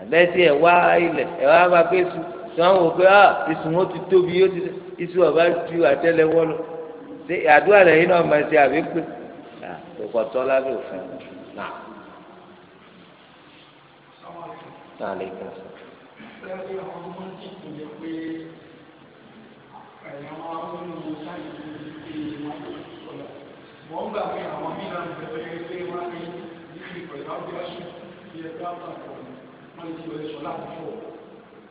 àbẹ́tí ẹ wá ilẹ̀ ẹ wá bá pé sùn tí wọ́n wò pé ah ìsùn o ti tóbi ó ti ìsùn ọ̀bá ju àtẹ́lẹwọ́ lọ ṣé àdúrà rẹ̀ yìí náà máa ṣe àbí pé àtòkọ̀ tọ́ lábẹ́ òfin náà. Aleykum salaam wọ́n gbà pé àwọn mìíràn bẹ̀rẹ̀ pé wọ́n ní ìdí ìpẹ̀lú àbíọ́sùn bí ẹgbẹ́ àpapọ̀ wọ́n ti wọlé sọ láàpọ̀.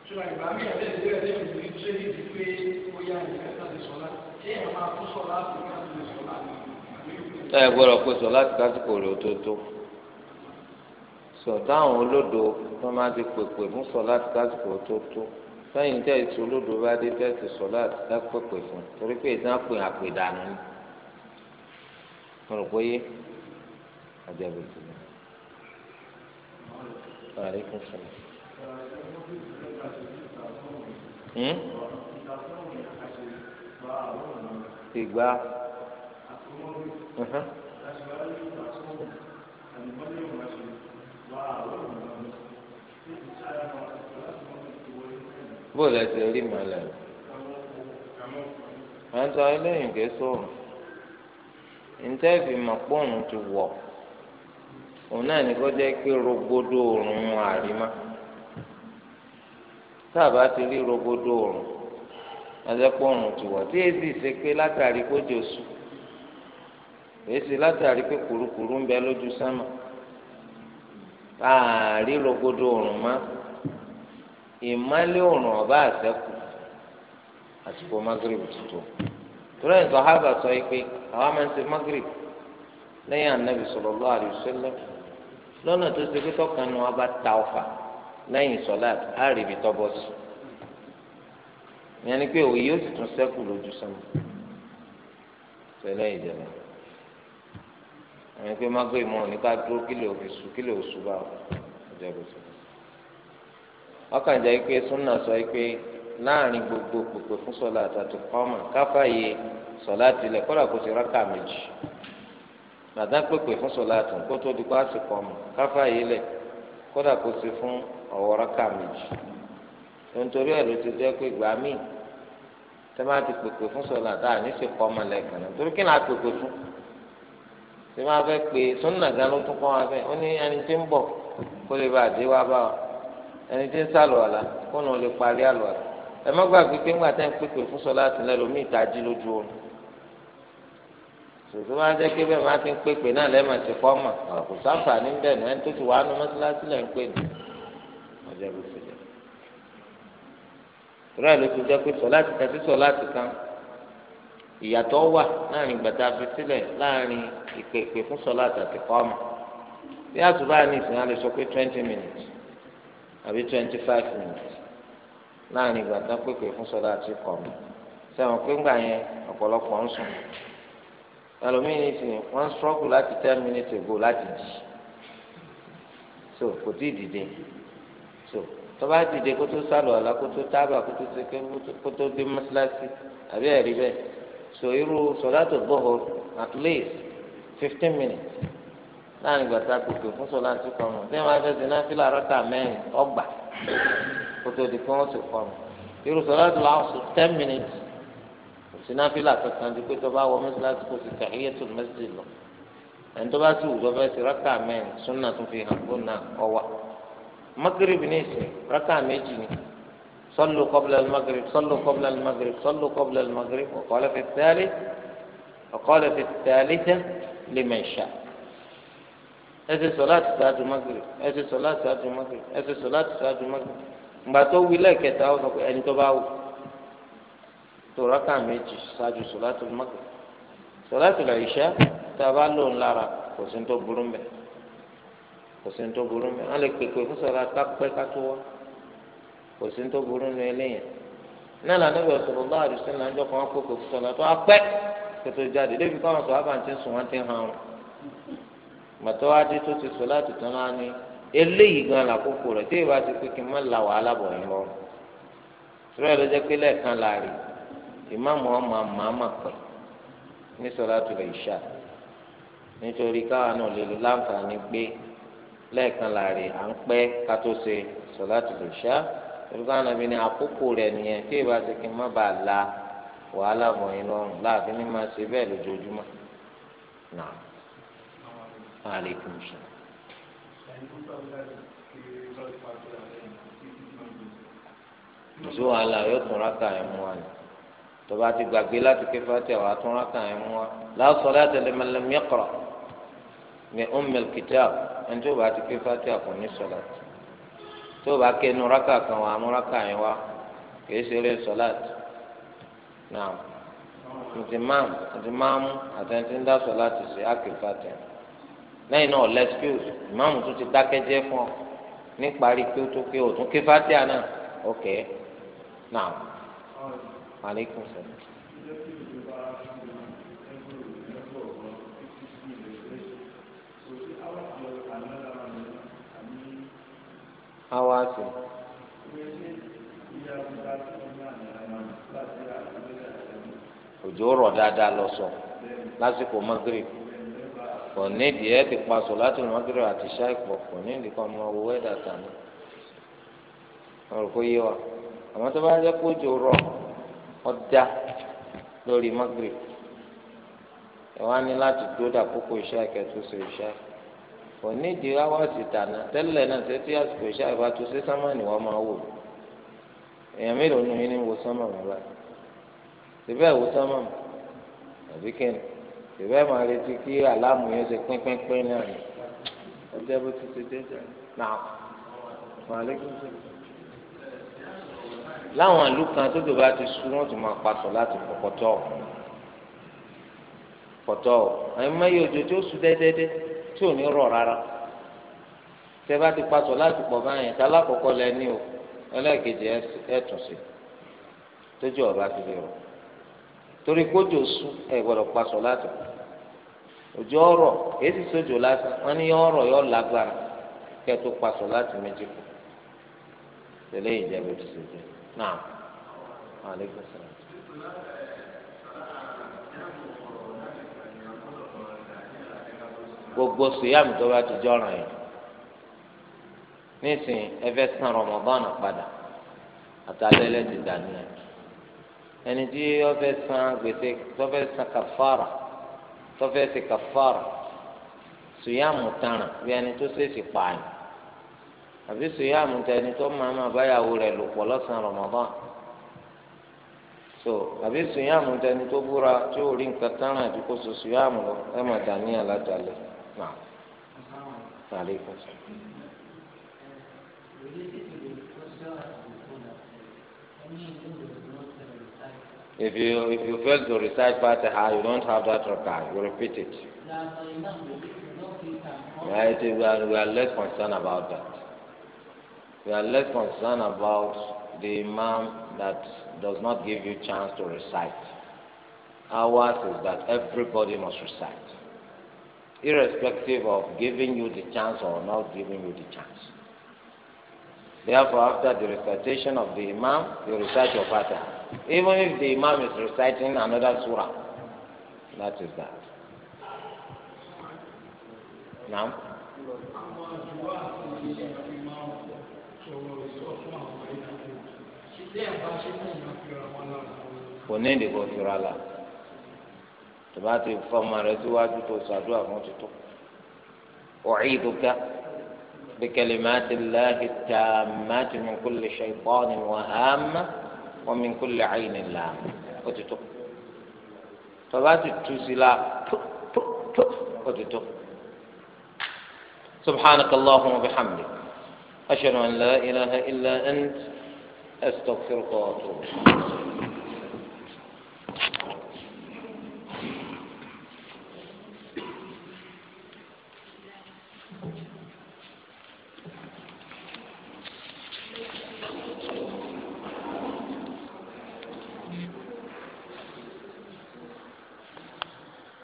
ṣùgbọ́n ìgbà mí àti ẹ̀dẹ́ ẹ̀dẹ́ ìdílé tí ó di pé ó yá ìfẹ́ láti sọlá ṣé ẹ̀ máa kó sọlá àti láti lè sọlá ni. ẹ gbọ́dọ̀ kó sọ láti kásìkò rẹ̀ tó tó sọ táwọn olódo tó máa ti pèpè mú sọ láti kásìkò tó tó sẹ́yìn tẹ ìṣòlódo bá dé tẹ sọ láti dá fún torí pé ìdáǹpè àpèdànù ni. mo rò pé yé àjẹbù tó rí ń sọ ntẹ́ẹ̀fì ma pọ́ọ̀rùn ti wọ̀ òun náà ní kó jẹ́ pé rogodo òrùn àrímá sábà ti rí rogodo òrùn adẹ́pọ̀rùn ti wọ̀ tí èsì ṣe pé látàrí kójò sùn èsì látàrí pé kùrukùru ń bẹ lójú sánmà ri rogodo òrùn má ìmálẹ̀ òrùn ọ̀bá àṣẹ́kù àsìkò magrib torí ẹ̀ sọ̀hábà sọ yìí pé àwọn máa ń ṣe anabi sallallahu alaihi wasallam lọ́nà tó ṣe pé tọ́kan ni wọ́n bá ta ọ̀fà lẹ́yìn sọ̀láàt á rí ibi tọ́bọ̀ sí ìyẹn ni pé òye yóò sì tún sẹ́kù lójú sọ́mọ tẹ́lẹ̀ osu láàrin gbogbo pèpè fún sọlá àtàtì kọ́mà káfáyé sọlá tilẹ̀ kọ́dà kò sí rákà méjì màdá pèpè fún sọlá àtàn kó tó di pàṣẹ kọ́mà káfáyé lẹ̀ kọ́dà kò sí fún ọ̀wọ́ rákà méjì nítorí ẹ̀ ló ti jẹ́ pé gbà míì tẹ́ ti pèpè fún sọlá tá à sí kọ́mà lẹ́ẹ̀kan náà torí kí ni a pèpè fún tí wọ́n fẹ́ pè sọ́nà gan ló tún kọ́ wọn fẹ́ ó ní ẹni tí ń bọ̀ kó lè bá àdéhùn wá ẹni tí ń sàlùwàlà kó nà ó lè parí àlùwàlà ẹ má gbàgbé pé ńgbà tá à ń pèpè fún sọlá àtìlẹ́ lómi ìtají lójú oorun tòtò máa ń jẹ́ pé bẹ́ẹ̀ máa ti ń pèpè náà lẹ́ẹ̀mọ̀ ti kọ́ mà kò sáfà ní bẹ́ẹ̀ náà tó ti wà á nu mọ́tíláṣí lẹ́ ń pè ní ọjọ́ bó ti jẹ́ torí ẹ̀ ló ti jẹ́ pé sọlá ti kan sí sọlá ti kan ìyàtọ̀ wà láàrin gbàtà fi sílẹ̀ láàrin ìpèpè fún sọlá àti kọ́ mà bí àtúbà ní ìsìn á lè sọ pé twenty minutes àbí twenty five minutes láàrin ìgbà tán pèpè fún sọlá àti kọ̀ọ̀mù sẹ́wọ̀n pé ńgbà yẹn ọ̀pọ̀lọpọ̀ ń sùn ẹlòmíì ní ti wọ́n struggle láti ten minutes ago láti jì so kò tí ì dìde so tó bá dìde kó tó sálọ àlá kó tó tábà kó tó ṣe kó tó dé mọ́ṣáláṣí àbí ẹ̀rí bẹ́ẹ̀ so irú sọlá tó gbọ́họ at least fifteen minutes láàrin ìgbà tá a pèpè fún sọlá àti kọ̀ọ̀mù sẹ́wọ̀n afẹ́sẹ̀ náà fi làárọ̀ tà mẹ́rin ọgbà kótó di kí wọ́n ti kọ́ mi irú sọlá tó lọ́wọ́ sọ ten minutes òsì náà fílà kankan di pé tó bá wọ mẹsàlásì kó ti tàyé tó mẹsàlásì lọ ẹni tó bá sì wù lọ́fẹ́ sí rákà mẹ́rin súnà tó fi hàn kó náà ọwà magrib ní ìsìn rákà méjì ni sọlù kọ́bùlà magrib sọlù kọ́bùlà magrib sọlù kọ́bùlà magrib ọ̀kọ́lẹ̀ fi tẹ́lẹ̀ ọ̀kọ́lẹ̀ fi tẹ́lẹ̀ tẹ́ lè ẹsẹ sọlá ti sáájú magre ẹsẹ sọlá ti sáájú magre ẹsẹ sọlá ti sáájú magre ìgbà tó wí lẹ́ẹ̀kẹta pé ẹni tó bá wù tó méjì sáájú sọlá ti magre sọlá ti lọ ìṣá tá lò ń lára kò sí ní tó burú mẹ kò sí tó burú mẹ wọn lè pèpè fún sọlá kátó wá kò sí tó burú náà lànà ìwé bá àdùsí fún sọlá tó jáde débi káwọn sọ gbàtọ́ wá dé tó ti sọ láti tán náà ni eléyìí gan làkókò rẹ̀ tí ìbá ti pé kí n má la wàhálà bọ̀ yín lọ. sọ́rọ́ ló jẹ́ pé lẹ́ẹ̀kan láàrin ìmáàmù ọmọ àmàmà pẹ̀ ní sọ́lá tó lè ṣá nítorí káwọn náà lè lo láǹfààní gbé lẹ́ẹ̀kan láàrin à ń pẹ́ ká tó ṣe sọ́lá tó lè ṣá olùkọ́ ànábi ní àkókò rẹ̀ nìyẹn tí ìbá ti kí n má bàa la wàhálà bọ̀ yín lọ́rùn láàfin ní Aleykum salaam. Ìṣó wàhálà yóò tún rákà ẹ̀ mú wa ni. Tọ́ba ti gbàgbé láti ké fàtẹ̀ wàá tún rákà ẹ̀ mú wa. La salata liman lam yaqra bi ummil kitab ẹni tó bá ti ké fàtẹ̀ kò ní sọ̀rọ̀. Tó bá ké nu rákà kan wàá mú rákà ẹ̀ wá kì í ṣeré sọ̀láàtì. Náà ntì máàmù ntì máàmù àtẹ̀ntì ń dá sọ̀láàtì sí àkè fàtẹ̀ lẹ́yìn náà lẹ́síkúùsì ìmáàmù tún ti dákẹ́jẹ́ fún ọ níparí pé ó tó pé òtún ké fátíà náà ok now maaleykum salaam. awaasi. òjò rọ̀ dáadáa lọ sọ lásìkò magreth kò nídìí ẹ ti pa sọláàtì mọ́gírì àti ṣáìpọ̀ kò nídìí kan mọ owó ẹ̀dá tàní wọn rò kó yé wa àmọ́ tó bá jẹ́ kójú rọ ọ̀dá lórí mọ́gírì ẹ wá ní láti dúró dà kókó iṣẹ́ kẹtù sí iṣẹ́ kò nídìí wá wá sí tàná tẹ́lẹ̀ náà ṣe tí àsìkò iṣẹ́ ìbá tó ṣe sánmà ni máa wò èèyàn mélòó ni yín ní wo sánmà wọn báyìí síbẹ̀ wo sánmà àbí ìbẹ́ máa retí kí àlámù yẹn ṣe pínpínpín náà ni ọjọ́ bó ti ṣe jẹ́jẹ́ náà màálẹ́kùn sí. láwọn ìlú kan tó tó bá ti sú wọ́n tún máa pàtó láti pọ̀pọ̀tọ́ pọ̀tọ́ àyìnbá yìí òjò tó sú dẹ́dẹ́dẹ́ tí ò ní rọ̀ rárá tẹ bá ti pàtó láti pọ̀ báyìí tá lákọ̀ọ́kọ́ lẹ ní o ẹlẹ́ẹ̀kejì ẹ̀ tún sí tójú ọ̀rọ̀ àti lè rọ̀ torí kójú sú ẹ̀ gbọ́dọ̀ pàtó láti pọ̀. òjò ọ̀rọ̀ èsì sójò lásán wọn ní ọ̀rọ̀ yọ lágbára kẹ tó láti méjì kù tẹlẹ ìjẹbù ti sèjọ náà gbogbo sùyàm tó bá ti jọràn yìí nísìnyí san rọmọbọnà padà àtàlẹ́lẹ́ ti dànù ẹni tí ó fẹ́ gbèsè kàfàrà. tọ́fẹ́ ṣe kàfàrà sùyàmù tàràn bí ẹni tó ṣèṣì pààyàn àbí sùyàmù tẹ ẹni tó máa máa báyàwó rẹ̀ lò pọ̀ lọ́sàn-án Ramadan so àbí sùyàmù tẹ ẹni tó búra tí ò rí nǹkan tàràn àti kó so sùyàmù lọ ẹ mà dání àlájálẹ̀ náà sàlẹ̀ kò sọ. Thank you. If you if you fail to recite Fatiha, you don't have that rakah. You repeat it. Right? We are, we are less concerned about that. We are less concerned about the imam that does not give you chance to recite. Ours is that everybody must recite, irrespective of giving you the chance or not giving you the chance. Therefore, after the recitation of the imam, you recite your Fatiha. even if the imam is reciting another surah. That is that. Now. kò ní ìdìbò ìtura la tó bá ti fọmọ rẹ síwájú tó sàdúrà fún títú أعيذك بكلمات الله التامات من كل شيطان وهامة wọn mi kó lè ayé nìlá ó ti tó tọba ti tu sí la tó tó tó ó ti tó subhanaka allahumma wa bihamdik ashhadu an la ilaha illa ant astaghfiruka wa atubu ilayk